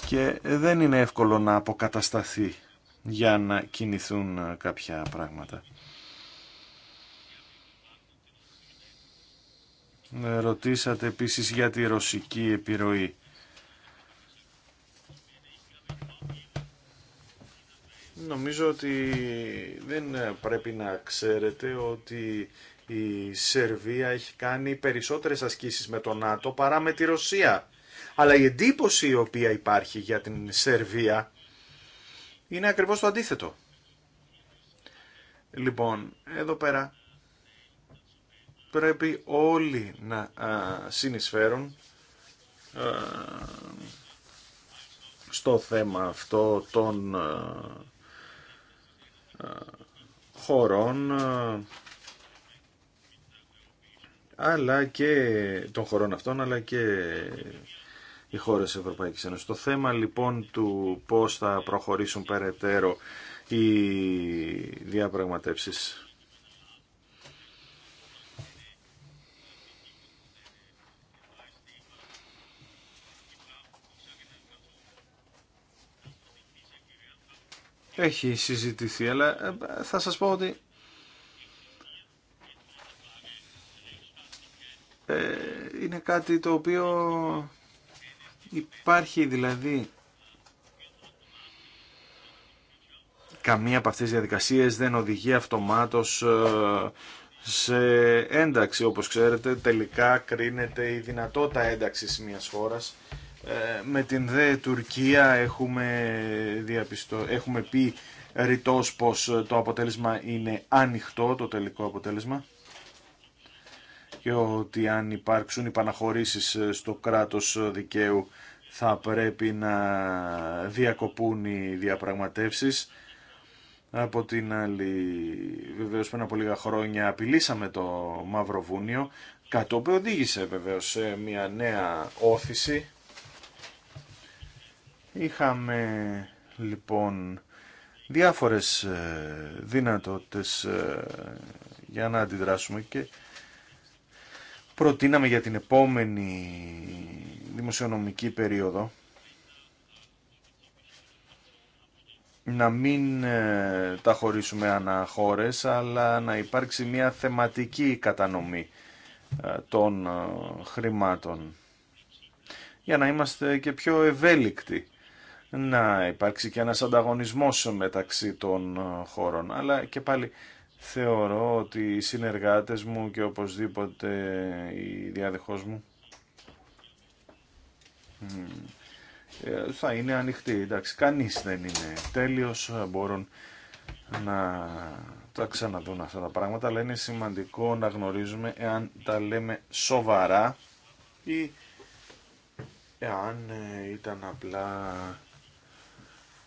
και δεν είναι εύκολο να αποκατασταθεί για να κινηθούν ε, κάποια πράγματα. Ε, ρωτήσατε επίσης για τη ρωσική επιρροή. Νομίζω ότι δεν πρέπει να ξέρετε ότι η Σερβία έχει κάνει περισσότερες ασκήσεις με τον ΝΑΤΟ παρά με τη Ρωσία. Αλλά η εντύπωση η οποία υπάρχει για την Σερβία είναι ακριβώς το αντίθετο. Λοιπόν, εδώ πέρα πρέπει όλοι να συνεισφέρουν στο θέμα αυτό των ε, χωρών ε, αλλά και των χωρών αυτών αλλά και οι χώρες Ευρωπαϊκής Ένωσης. Το θέμα λοιπόν του πώς θα προχωρήσουν περαιτέρω οι διαπραγματεύσεις έχει συζητηθεί, αλλά ε, θα σας πω ότι ε, είναι κάτι το οποίο υπάρχει δηλαδή καμία από αυτές τις διαδικασίες δεν οδηγεί αυτομάτως ε, σε ένταξη όπως ξέρετε τελικά κρίνεται η δυνατότητα ένταξης μιας χώρας ε, με την ΔΕ Τουρκία έχουμε, διαπιστώ, έχουμε πει ρητός πως το αποτέλεσμα είναι ανοιχτό, το τελικό αποτέλεσμα και ότι αν υπάρξουν υπαναχωρήσεις στο κράτος δικαίου θα πρέπει να διακοπούν οι διαπραγματεύσεις. Από την άλλη, βεβαίως πριν από λίγα χρόνια απειλήσαμε το Μαυροβούνιο, κατόπιν οδήγησε βεβαίως σε μια νέα όθηση Είχαμε λοιπόν διάφορες ε, δυνατότητες ε, για να αντιδράσουμε και προτείναμε για την επόμενη δημοσιονομική περίοδο να μην ε, τα χωρίσουμε ανά χώρες, αλλά να υπάρξει μια θεματική κατανομή των χρημάτων για να είμαστε και πιο ευέλικτοι να υπάρξει και ένας ανταγωνισμός μεταξύ των ε, χώρων. Αλλά και πάλι θεωρώ ότι οι συνεργάτες μου και οπωσδήποτε η διάδεχός μου ε, θα είναι ανοιχτή. Εντάξει, κανείς δεν είναι τέλειος, μπορούν να τα ξαναδούν αυτά τα πράγματα, αλλά είναι σημαντικό να γνωρίζουμε εάν τα λέμε σοβαρά ή εάν ε, ήταν απλά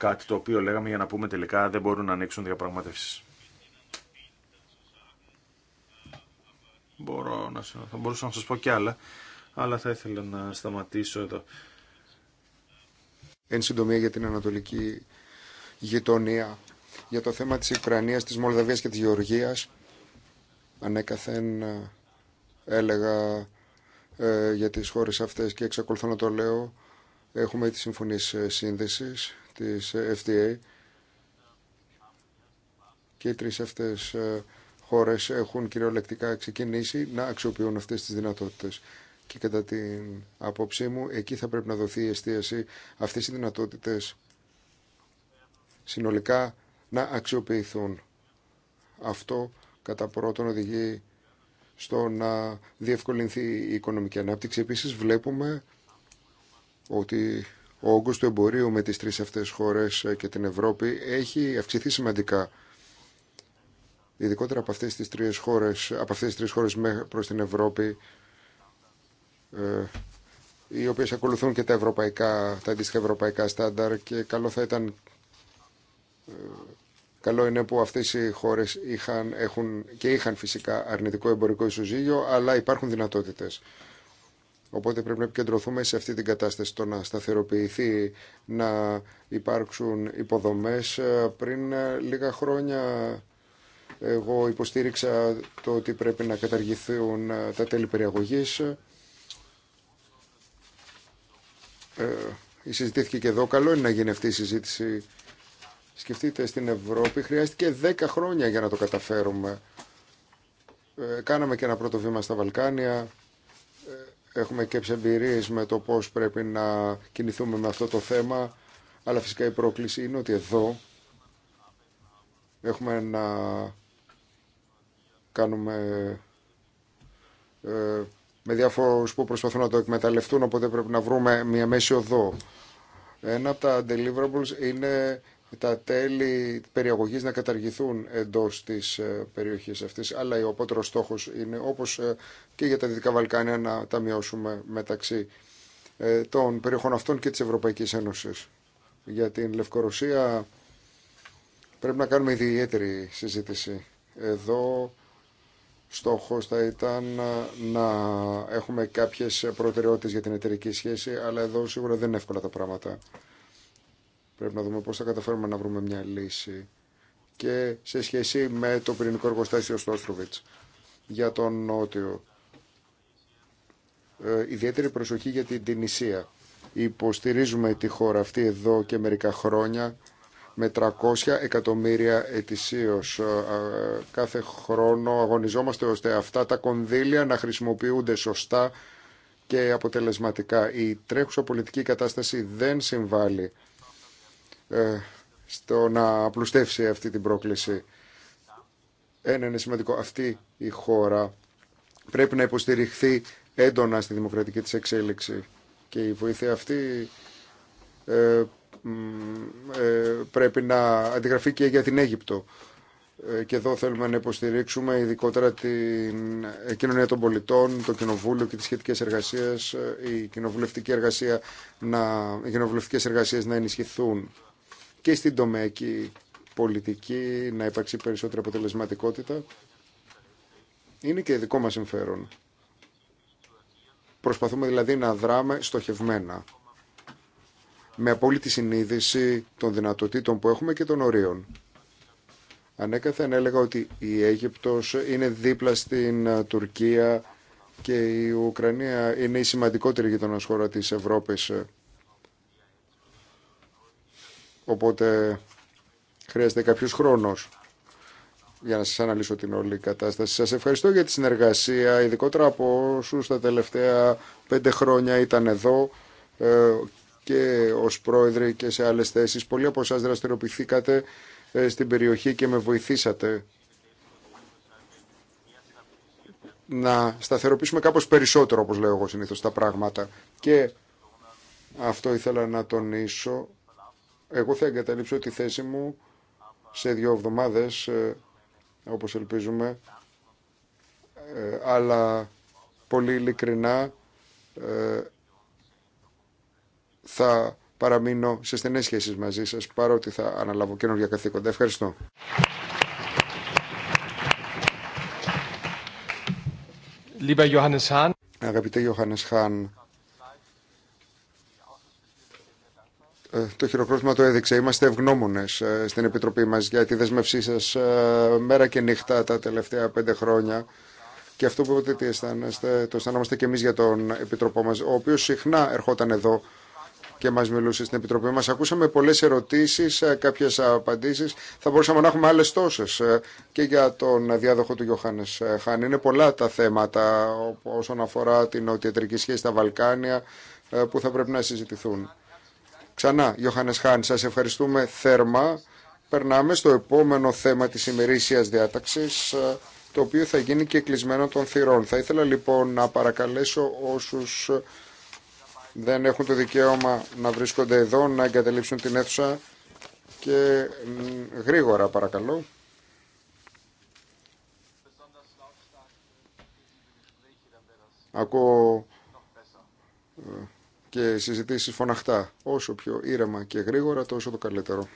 Κάτι το οποίο λέγαμε για να πούμε τελικά δεν μπορούν να ανοίξουν διαπραγματεύσεις. Μπορώ να, θα μπορούσα να σας πω κι άλλα, αλλά θα ήθελα να σταματήσω εδώ. Εν συντομία για την ανατολική γειτονία, για το θέμα της Ουκρανίας, της Μολδαβίας και της Γεωργίας, ανέκαθεν ε, έλεγα ε, για τις χώρες αυτές και εξακολουθώ να το λέω, έχουμε τις συμφωνίες ε, σύνδεσης της ε, FDA και οι τρεις αυτές ε, χώρες έχουν κυριολεκτικά ξεκινήσει να αξιοποιούν αυτές τις δυνατότητες. Και κατά την άποψή μου, εκεί θα πρέπει να δοθεί η εστίαση αυτές οι δυνατότητες συνολικά να αξιοποιηθούν. Αυτό κατά πρώτον οδηγεί στο να διευκολυνθεί η οικονομική ανάπτυξη. Επίσης βλέπουμε ότι ο όγκος του εμπορίου με τις τρεις αυτές χώρες ε, και την Ευρώπη έχει αυξηθεί σημαντικά. Ειδικότερα από αυτές τις τρεις χώρες, από αυτές τις τρεις χώρες προς την Ευρώπη, ε, οι οποίες ακολουθούν και τα, ευρωπαϊκά, τα αντίστοιχα ευρωπαϊκά στάνταρ και καλό θα ήταν ε, Καλό είναι που αυτές οι χώρες είχαν, έχουν και είχαν φυσικά αρνητικό εμπορικό ισοζύγιο, αλλά υπάρχουν δυνατότητες. Οπότε πρέπει να επικεντρωθούμε σε αυτή την κατάσταση, το να σταθεροποιηθεί, να υπάρξουν υποδομές. Πριν λίγα χρόνια εγώ υποστήριξα το ότι πρέπει να καταργηθούν τα τέλη περιαγωγής. Ε, συζητήθηκε και εδώ. Καλό είναι να γίνει αυτή η συζήτηση. Σκεφτείτε, στην Ευρώπη χρειάστηκε 10 χρόνια για να το καταφέρουμε. Ε, κάναμε και ένα πρώτο βήμα στα Βαλκάνια έχουμε και εμπειρίε με το πώς πρέπει να κινηθούμε με αυτό το θέμα, αλλά φυσικά η πρόκληση είναι ότι εδώ έχουμε να κάνουμε ε, με διάφορους που προσπαθούν να το εκμεταλλευτούν, οπότε πρέπει να βρούμε μια μέση οδό. Ένα από τα deliverables είναι τα τέλη περιαγωγής να καταργηθούν εντός της ε, περιοχής αυτής, αλλά ο απότερος στόχος είναι όπως ε, και για τα Δυτικά Βαλκάνια να τα μειώσουμε μεταξύ ε, των περιοχών αυτών και της Ευρωπαϊκής Ένωσης. Για την Λευκορωσία πρέπει να κάνουμε ιδιαίτερη συζήτηση. Εδώ στόχος θα ήταν να έχουμε κάποιες προτεραιότητες για την εταιρική σχέση, αλλά εδώ σίγουρα δεν είναι εύκολα τα πράγματα. Πρέπει να δούμε πώς θα καταφέρουμε να βρούμε μια λύση και σε σχέση με το πυρηνικό εργοστάσιο στο Όστροβιτς για τον Νότιο. Ε, ιδιαίτερη προσοχή για την Τινησία. Υποστηρίζουμε τη χώρα αυτή εδώ και μερικά χρόνια με 300 εκατομμύρια ετησίως. Ε, ε, κάθε χρόνο αγωνιζόμαστε ώστε αυτά τα κονδύλια να χρησιμοποιούνται σωστά και αποτελεσματικά. Η τρέχουσα πολιτική κατάσταση δεν συμβάλλει ε, στο να απλουστεύσει αυτή την πρόκληση. Ένα είναι σημαντικό. Αυτή η χώρα πρέπει να υποστηριχθεί έντονα στη δημοκρατική της εξέλιξη και η βοήθεια αυτή ε, ε, πρέπει να αντιγραφεί και για την Αίγυπτο. και εδώ θέλουμε να υποστηρίξουμε ειδικότερα την κοινωνία των πολιτών, το κοινοβούλιο και τις σχετικές εργασίες, η κοινοβουλευτική εργασία να, οι κοινοβουλευτικές εργασίες να ενισχυθούν και στην τομέακη πολιτική να υπάρξει περισσότερη αποτελεσματικότητα. Είναι και δικό μας συμφέρον. Προσπαθούμε δηλαδή να δράμε στοχευμένα με απόλυτη συνείδηση των δυνατοτήτων που έχουμε και των ορίων. Ανέκαθεν έλεγα ότι η Αίγυπτος είναι δίπλα στην ε, Τουρκία και η Ουκρανία είναι η σημαντικότερη γειτονός χώρα της Ευρώπης ε, Οπότε χρειάζεται κάποιος χρόνος για να σας αναλύσω την όλη κατάσταση. Σας ευχαριστώ για τη συνεργασία, ειδικότερα από όσους τα τελευταία πέντε χρόνια ήταν εδώ ε, και ως πρόεδροι και σε άλλες θέσεις. Πολλοί από εσάς δραστηριοποιηθήκατε ε, στην περιοχή και με βοηθήσατε να σταθεροποιήσουμε κάπως περισσότερο, όπως λέω εγώ συνήθως, τα πράγματα. Και αυτό ήθελα να τονίσω εγώ θα εγκαταλείψω τη θέση μου σε δύο εβδομάδες, ε, όπως ελπίζουμε, ε, αλλά πολύ ειλικρινά ε, θα παραμείνω σε στενές σχέσεις μαζί σας, παρότι θα αναλάβω καινούργια καθήκοντα. Ευχαριστώ. Αγαπητέ Ιωάννης Χάν, Ε, το χειροκρότημα το έδειξε. Είμαστε ευγνώμονε ε, στην Επιτροπή μα για τη δεσμευσή σα ε, μέρα και νύχτα τα τελευταία πέντε χρόνια. Και αυτό που είπατε, το αισθανόμαστε και εμεί για τον Επιτροπό μα, ο οποίο συχνά ερχόταν εδώ και μα μιλούσε στην Επιτροπή μα. Ακούσαμε πολλέ ερωτήσει, κάποιε απαντήσει. Θα μπορούσαμε να έχουμε άλλε τόσε και για τον διάδοχο του Γιωχάνε Χάν. Είναι πολλά τα θέματα όσον αφορά την νοτιοτρική σχέση στα Βαλκάνια που θα πρέπει να συζητηθούν. Ξανά, Ιωάννης Χάν, σας ευχαριστούμε θέρμα. Περνάμε στο επόμενο θέμα της ημερήσιας διάταξης, ε, το οποίο θα γίνει και κλεισμένο των θυρών. Θα ήθελα λοιπόν να παρακαλέσω όσους δεν έχουν το δικαίωμα να βρίσκονται εδώ, να εγκαταλείψουν την αίθουσα και γρήγορα παρακαλώ. Ακούω ε, και συζητήσεις φωναχτά. Όσο πιο ήρεμα και γρήγορα τόσο το καλύτερο.